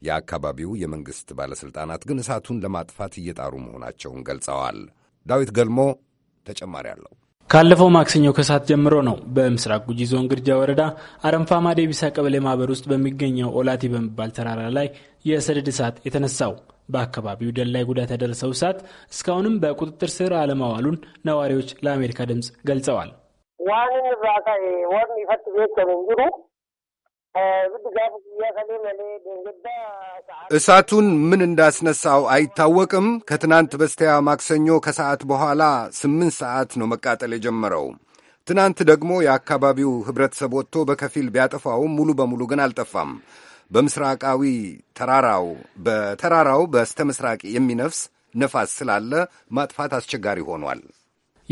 የአካባቢው የመንግሥት ባለሥልጣናት ግን እሳቱን ለማጥፋት እየጣሩ መሆናቸውን ገልጸዋል። ዳዊት ገልሞ ተጨማሪ አለው። ካለፈው ማክሰኞ ከሰዓት ጀምሮ ነው በምስራቅ ጉጂ ዞን ግርጃ ወረዳ አረንፋማ ዴቢሳ ቀበሌ ማህበር ውስጥ በሚገኘው ኦላቲ በሚባል ተራራ ላይ የሰደድ እሳት የተነሳው። በአካባቢው ደን ላይ ጉዳት ያደረሰው እሳት እስካሁንም በቁጥጥር ስር አለማዋሉን ነዋሪዎች ለአሜሪካ ድምፅ ገልጸዋል። እሳቱን ምን እንዳስነሳው አይታወቅም። ከትናንት በስቲያ ማክሰኞ ከሰዓት በኋላ ስምንት ሰዓት ነው መቃጠል የጀመረው። ትናንት ደግሞ የአካባቢው ኅብረተሰብ ወጥቶ በከፊል ቢያጠፋውም ሙሉ በሙሉ ግን አልጠፋም። በምስራቃዊ ተራራው በተራራው በስተ ምስራቅ የሚነፍስ ነፋስ ስላለ ማጥፋት አስቸጋሪ ሆኗል።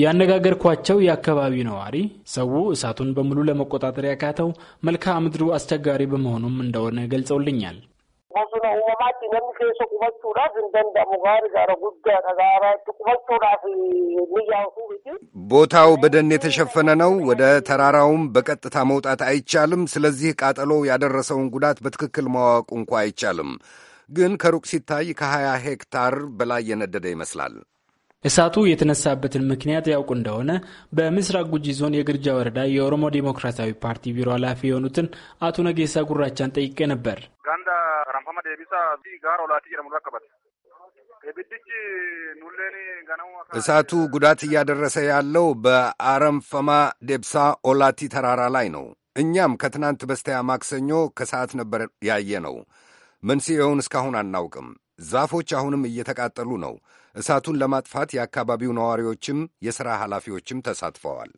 ያነጋገርኳቸው የአካባቢው ነዋሪ ሰው እሳቱን በሙሉ ለመቆጣጠር ያካተው መልክዓ ምድሩ አስቸጋሪ በመሆኑም እንደሆነ ገልጸውልኛል። bosona uumamaatti namni keessa qubachuudhaaf hin danda'amu gaariidhaara guddaadha gaaraatti qubachuudhaaf ni yaa'u miti ቦታው በደን የተሸፈነ ነው። ወደ ተራራውም በቀጥታ መውጣት አይቻልም። ስለዚህ ቃጠሎ ያደረሰውን ጉዳት በትክክል ማወቅ እንኳ አይቻልም። ግን ከሩቅ ሲታይ ከሀያ ሄክታር በላይ የነደደ ይመስላል። እሳቱ የተነሳበትን ምክንያት ያውቁ እንደሆነ በምስራቅ ጉጂ ዞን የግርጃ ወረዳ የኦሮሞ ዴሞክራሲያዊ ፓርቲ ቢሮ ኃላፊ የሆኑትን አቶ ነጌሳ ጉራቻን ጠይቄ ነበር። እሳቱ ጉዳት እያደረሰ ያለው በአረምፈማ ደብሳ ኦላቲ ተራራ ላይ ነው። እኛም ከትናንት በስቲያ ማክሰኞ ከሰዓት ነበር ያየ ነው። መንስኤውን እስካሁን አናውቅም። ዛፎች አሁንም እየተቃጠሉ ነው። እሳቱን ለማጥፋት የአካባቢው ነዋሪዎችም የሥራ ኃላፊዎችም ተሳትፈዋል።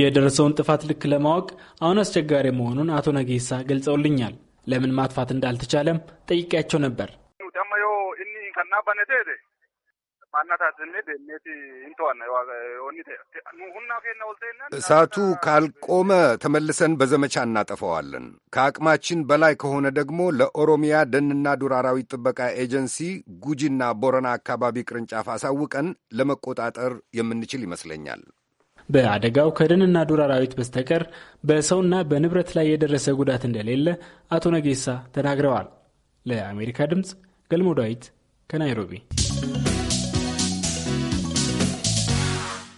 የደረሰውን ጥፋት ልክ ለማወቅ አሁን አስቸጋሪ መሆኑን አቶ ነጌሳ ገልጸውልኛል። ለምን ማጥፋት እንዳልተቻለም ጠይቄያቸው ነበር። እሳቱ ካልቆመ ተመልሰን በዘመቻ እናጠፈዋለን። ከአቅማችን በላይ ከሆነ ደግሞ ለኦሮሚያ ደንና ዱር አራዊት ጥበቃ ኤጀንሲ ጉጂና ቦረና አካባቢ ቅርንጫፍ አሳውቀን ለመቆጣጠር የምንችል ይመስለኛል። በአደጋው ከደንና ዱር አራዊት በስተቀር በሰውና በንብረት ላይ የደረሰ ጉዳት እንደሌለ አቶ ነጌሳ ተናግረዋል። ለአሜሪካ ድምፅ ገልሞ ዳዊት ከናይሮቢ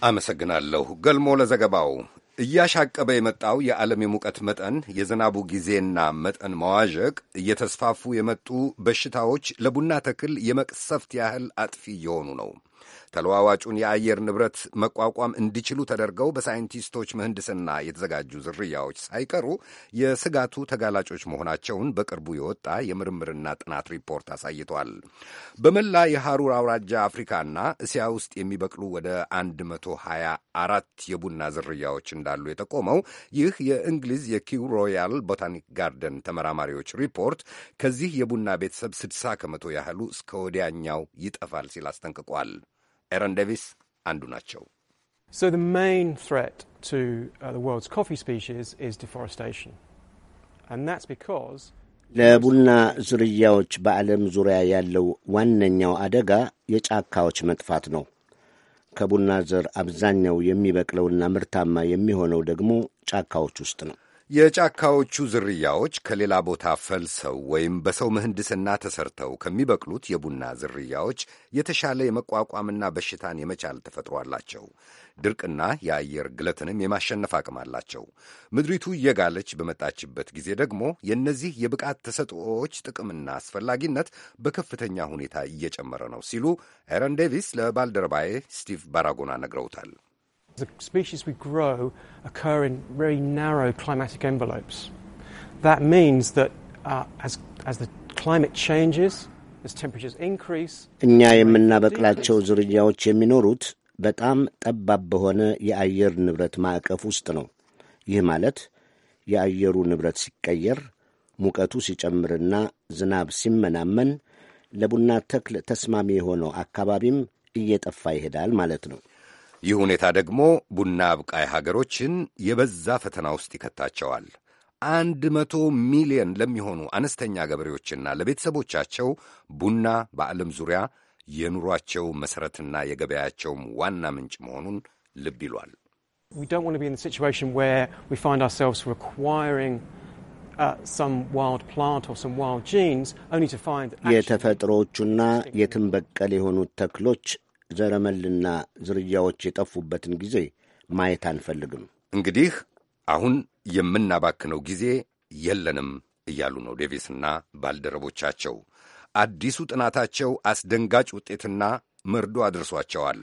አመሰግናለሁ ገልሞ ለዘገባው። እያሻቀበ የመጣው የዓለም የሙቀት መጠን፣ የዝናቡ ጊዜና መጠን መዋዠቅ እየተስፋፉ የመጡ በሽታዎች ለቡና ተክል የመቅሰፍት ያህል አጥፊ እየሆኑ ነው። ተለዋዋጩን የአየር ንብረት መቋቋም እንዲችሉ ተደርገው በሳይንቲስቶች ምህንድስና የተዘጋጁ ዝርያዎች ሳይቀሩ የስጋቱ ተጋላጮች መሆናቸውን በቅርቡ የወጣ የምርምርና ጥናት ሪፖርት አሳይቷል። በመላ የሐሩር አውራጃ አፍሪካና እስያ ውስጥ የሚበቅሉ ወደ 124 የቡና ዝርያዎች እንዳሉ የጠቆመው ይህ የእንግሊዝ የኪው ሮያል ቦታኒክ ጋርደን ተመራማሪዎች ሪፖርት ከዚህ የቡና ቤተሰብ 60 ከመቶ ያህሉ እስከ ወዲያኛው ይጠፋል ሲል አስጠንቅቋል። ኤረን ዴቪስ አንዱ ናቸው። uh, ለቡና ዝርያዎች በዓለም ዙሪያ ያለው ዋነኛው አደጋ የጫካዎች መጥፋት ነው። ከቡና ዘር አብዛኛው የሚበቅለውና ምርታማ የሚሆነው ደግሞ ጫካዎች ውስጥ ነው። የጫካዎቹ ዝርያዎች ከሌላ ቦታ ፈልሰው ወይም በሰው ምህንድስና ተሰርተው ከሚበቅሉት የቡና ዝርያዎች የተሻለ የመቋቋምና በሽታን የመቻል ተፈጥሮ አላቸው። ድርቅና የአየር ግለትንም የማሸነፍ አቅም አላቸው። ምድሪቱ እየጋለች በመጣችበት ጊዜ ደግሞ የእነዚህ የብቃት ተሰጥኦዎች ጥቅምና አስፈላጊነት በከፍተኛ ሁኔታ እየጨመረ ነው ሲሉ ኤረን ዴቪስ ለባልደረባዬ ስቲቭ ባራጎና ነግረውታል። The species we grow occur in very narrow climatic envelopes. That means that uh, as, as the climate changes, as temperatures increase, እኛ የምናበቅላቸው ዝርያዎች የሚኖሩት በጣም ጠባብ በሆነ የአየር ንብረት ማዕቀፍ ውስጥ ነው። ይህ ማለት የአየሩ ንብረት ሲቀየር፣ ሙቀቱ ሲጨምርና ዝናብ ሲመናመን ለቡና ተክል ተስማሚ የሆነው አካባቢም እየጠፋ ይሄዳል ማለት ነው። ይህ ሁኔታ ደግሞ ቡና አብቃይ ሀገሮችን የበዛ ፈተና ውስጥ ይከታቸዋል። አንድ መቶ ሚሊየን ለሚሆኑ አነስተኛ ገበሬዎችና ለቤተሰቦቻቸው ቡና በዓለም ዙሪያ የኑሯቸው መሠረትና የገበያቸውም ዋና ምንጭ መሆኑን ልብ ይሏል። uh, የተፈጥሮዎቹና የትም በቀል የሆኑት ተክሎች ዘረመልና ዝርያዎች የጠፉበትን ጊዜ ማየት አንፈልግም። እንግዲህ አሁን የምናባክነው ጊዜ የለንም እያሉ ነው ዴቪስና ባልደረቦቻቸው። አዲሱ ጥናታቸው አስደንጋጭ ውጤትና መርዶ አድርሷቸዋል።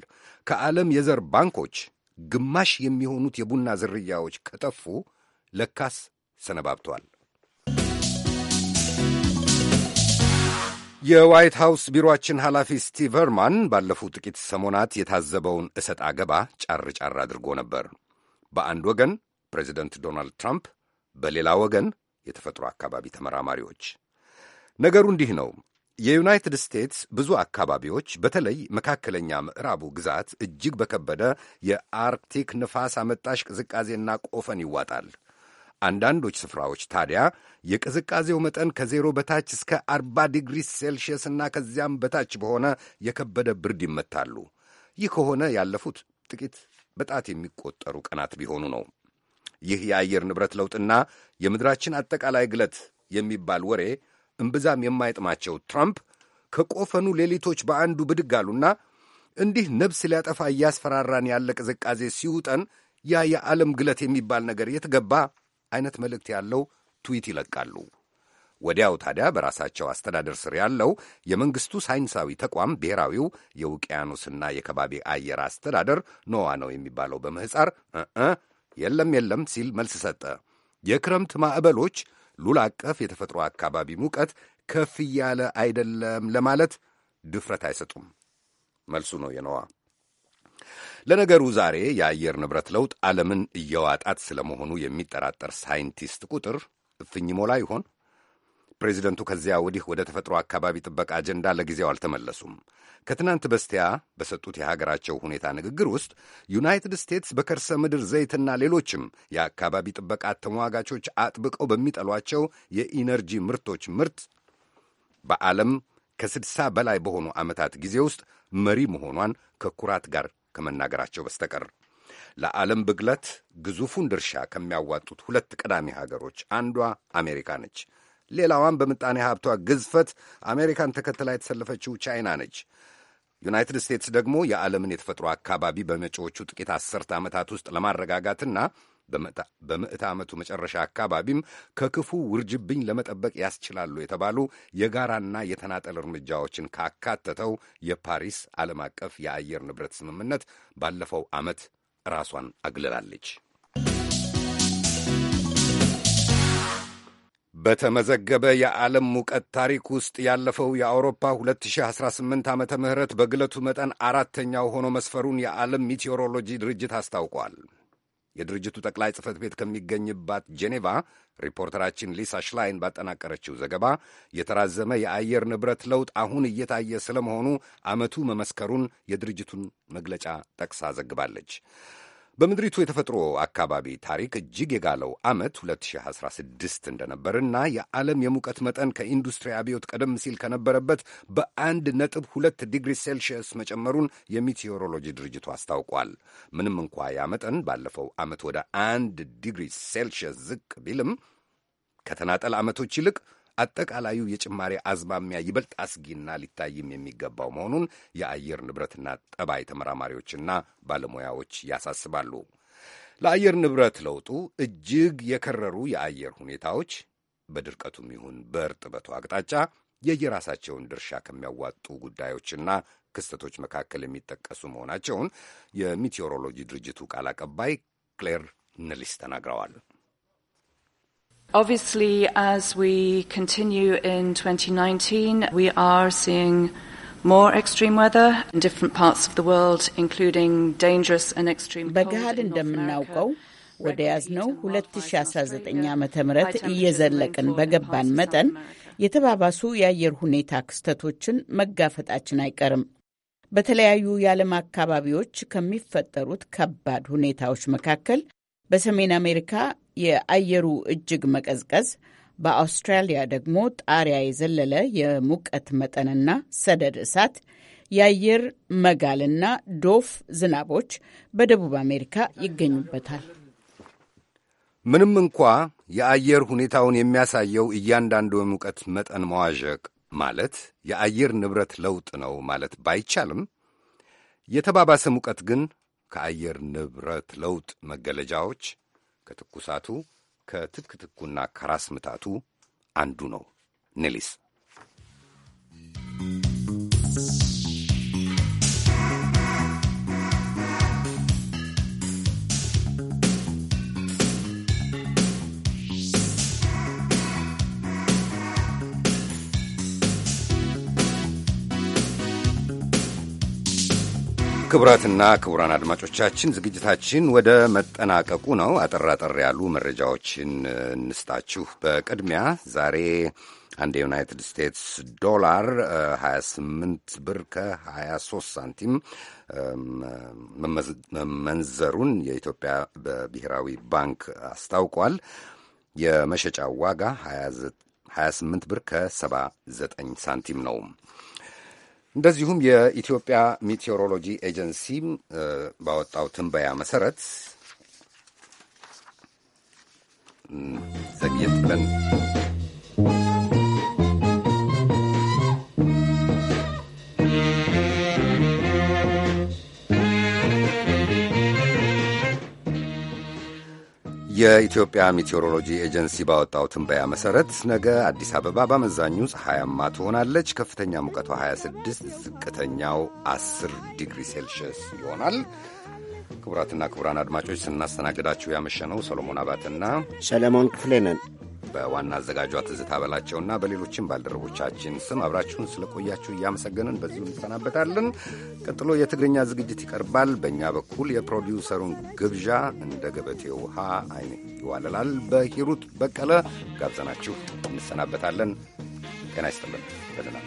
ከዓለም የዘር ባንኮች ግማሽ የሚሆኑት የቡና ዝርያዎች ከጠፉ ለካስ ሰነባብቷል። የዋይት ሀውስ ቢሮአችን ኃላፊ ስቲቭ ሄርማን ባለፉት ጥቂት ሰሞናት የታዘበውን እሰጥ አገባ ጫር ጫር አድርጎ ነበር። በአንድ ወገን ፕሬዚደንት ዶናልድ ትራምፕ፣ በሌላ ወገን የተፈጥሮ አካባቢ ተመራማሪዎች። ነገሩ እንዲህ ነው። የዩናይትድ ስቴትስ ብዙ አካባቢዎች በተለይ መካከለኛ ምዕራቡ ግዛት እጅግ በከበደ የአርክቲክ ንፋስ አመጣሽ ቅዝቃዜና ቆፈን ይዋጣል። አንዳንዶች ስፍራዎች ታዲያ የቅዝቃዜው መጠን ከዜሮ በታች እስከ 40 ዲግሪ ሴልሺየስ እና ከዚያም በታች በሆነ የከበደ ብርድ ይመታሉ። ይህ ከሆነ ያለፉት ጥቂት በጣት የሚቆጠሩ ቀናት ቢሆኑ ነው። ይህ የአየር ንብረት ለውጥና የምድራችን አጠቃላይ ግለት የሚባል ወሬ እምብዛም የማይጥማቸው ትራምፕ ከቆፈኑ ሌሊቶች በአንዱ ብድግ አሉና እንዲህ ነብስ ሊያጠፋ እያስፈራራን ያለ ቅዝቃዜ ሲውጠን ያ የዓለም ግለት የሚባል ነገር የት ገባ አይነት መልእክት ያለው ትዊት ይለቃሉ። ወዲያው ታዲያ በራሳቸው አስተዳደር ስር ያለው የመንግስቱ ሳይንሳዊ ተቋም ብሔራዊው የውቅያኖስና የከባቢ አየር አስተዳደር ኖዋ ነው የሚባለው በምህፃር የለም የለም ሲል መልስ ሰጠ። የክረምት ማዕበሎች ሉል አቀፍ የተፈጥሮ አካባቢ ሙቀት ከፍ እያለ አይደለም ለማለት ድፍረት አይሰጡም። መልሱ ነው የነዋ። ለነገሩ ዛሬ የአየር ንብረት ለውጥ ዓለምን እየዋጣት ስለመሆኑ የሚጠራጠር ሳይንቲስት ቁጥር እፍኝ ሞላ ይሆን? ፕሬዚደንቱ ከዚያ ወዲህ ወደ ተፈጥሮ አካባቢ ጥበቃ አጀንዳ ለጊዜው አልተመለሱም። ከትናንት በስቲያ በሰጡት የሀገራቸው ሁኔታ ንግግር ውስጥ ዩናይትድ ስቴትስ በከርሰ ምድር ዘይትና ሌሎችም የአካባቢ ጥበቃ ተሟጋቾች አጥብቀው በሚጠሏቸው የኢነርጂ ምርቶች ምርት በዓለም ከስድሳ በላይ በሆኑ ዓመታት ጊዜ ውስጥ መሪ መሆኗን ከኩራት ጋር ከመናገራቸው በስተቀር ለዓለም ብግለት ግዙፉን ድርሻ ከሚያዋጡት ሁለት ቀዳሚ ሀገሮች አንዷ አሜሪካ ነች። ሌላዋም በምጣኔ ሀብቷ ግዝፈት አሜሪካን ተከትላ የተሰለፈችው ቻይና ነች። ዩናይትድ ስቴትስ ደግሞ የዓለምን የተፈጥሮ አካባቢ በመጪዎቹ ጥቂት አስርተ ዓመታት ውስጥ ለማረጋጋትና በምዕተ ዓመቱ መጨረሻ አካባቢም ከክፉ ውርጅብኝ ለመጠበቅ ያስችላሉ የተባሉ የጋራና የተናጠል እርምጃዎችን ካካተተው የፓሪስ ዓለም አቀፍ የአየር ንብረት ስምምነት ባለፈው ዓመት ራሷን አግልላለች። በተመዘገበ የዓለም ሙቀት ታሪክ ውስጥ ያለፈው የአውሮፓ 2018 ዓመተ ምህረት በግለቱ መጠን አራተኛው ሆኖ መስፈሩን የዓለም ሚቴዎሮሎጂ ድርጅት አስታውቋል። የድርጅቱ ጠቅላይ ጽህፈት ቤት ከሚገኝባት ጄኔቫ ሪፖርተራችን ሊሳ ሽላይን ባጠናቀረችው ዘገባ የተራዘመ የአየር ንብረት ለውጥ አሁን እየታየ ስለመሆኑ ዓመቱ መመስከሩን የድርጅቱን መግለጫ ጠቅሳ ዘግባለች። በምድሪቱ የተፈጥሮ አካባቢ ታሪክ እጅግ የጋለው ዓመት 2016 እንደነበርና የዓለም የሙቀት መጠን ከኢንዱስትሪ አብዮት ቀደም ሲል ከነበረበት በአንድ ነጥብ ሁለት ዲግሪ ሴልሺየስ መጨመሩን የሚቴዎሮሎጂ ድርጅቱ አስታውቋል። ምንም እንኳ ያ መጠን ባለፈው ዓመት ወደ አንድ ዲግሪ ሴልሺየስ ዝቅ ቢልም ከተናጠል ዓመቶች ይልቅ አጠቃላዩ የጭማሪ አዝማሚያ ይበልጥ አስጊና ሊታይም የሚገባው መሆኑን የአየር ንብረትና ጠባይ ተመራማሪዎችና ባለሙያዎች ያሳስባሉ። ለአየር ንብረት ለውጡ እጅግ የከረሩ የአየር ሁኔታዎች በድርቀቱም ይሁን በእርጥበቱ አቅጣጫ የየራሳቸውን ድርሻ ከሚያዋጡ ጉዳዮችና ክስተቶች መካከል የሚጠቀሱ መሆናቸውን የሚቴዎሮሎጂ ድርጅቱ ቃል አቀባይ ክሌር ንሊስ ተናግረዋል። Obviously, as we continue in 2019, we are seeing more extreme weather in different parts of the world, including dangerous and extreme cold. በገሃድ እንደምናውቀው ወደ ያዝነው 2019 ዓ ም እየዘለቅን በገባን መጠን የተባባሱ የአየር ሁኔታ ክስተቶችን መጋፈጣችን አይቀርም። በተለያዩ የዓለም አካባቢዎች ከሚፈጠሩት ከባድ ሁኔታዎች መካከል በሰሜን አሜሪካ የአየሩ እጅግ መቀዝቀዝ፣ በአውስትራሊያ ደግሞ ጣሪያ የዘለለ የሙቀት መጠንና ሰደድ እሳት፣ የአየር መጋልና ዶፍ ዝናቦች በደቡብ አሜሪካ ይገኙበታል። ምንም እንኳ የአየር ሁኔታውን የሚያሳየው እያንዳንዱ የሙቀት መጠን መዋዠቅ ማለት የአየር ንብረት ለውጥ ነው ማለት ባይቻልም የተባባሰ ሙቀት ግን ከአየር ንብረት ለውጥ መገለጃዎች ከትኩሳቱ ከትክትኩና ከራስ ምታቱ አንዱ ነው። ኔሊስ ክቡራትና ክቡራን አድማጮቻችን ዝግጅታችን ወደ መጠናቀቁ ነው። አጠር አጠር ያሉ መረጃዎችን እንስጣችሁ። በቅድሚያ ዛሬ አንድ የዩናይትድ ስቴትስ ዶላር 28 ብር ከ23 ሳንቲም መመንዘሩን የኢትዮጵያ ብሔራዊ ባንክ አስታውቋል። የመሸጫ ዋጋ 28 ብር ከ79 ሳንቲም ነው። እንደዚሁም የኢትዮጵያ ሚቴዎሮሎጂ ኤጀንሲ ባወጣው ትንበያ መሰረት ዘግየት ብለን የኢትዮጵያ ሜቴዎሮሎጂ ኤጀንሲ ባወጣው ትንበያ መሠረት ነገ አዲስ አበባ በአመዛኙ ፀሐያማ ትሆናለች። ከፍተኛ ሙቀቷ 26፣ ዝቅተኛው 10 ዲግሪ ሴልሽየስ ይሆናል። ክቡራትና ክቡራን አድማጮች ስናስተናግዳችሁ ያመሸነው ሰሎሞን አባትና ሰለሞን ክፍሌ ነን። በዋና አዘጋጇ ትዝታ በላቸውና በሌሎችም ባልደረቦቻችን ስም አብራችሁን ስለቆያችሁ እያመሰገንን በዚሁ እንሰናበታለን። ቀጥሎ የትግርኛ ዝግጅት ይቀርባል። በእኛ በኩል የፕሮዲውሰሩን ግብዣ እንደ ገበቴ ውሃ አይን ይዋለላል በሂሩት በቀለ ጋብዘናችሁ እንሰናበታለን። ጤና ይስጥልን። በደህና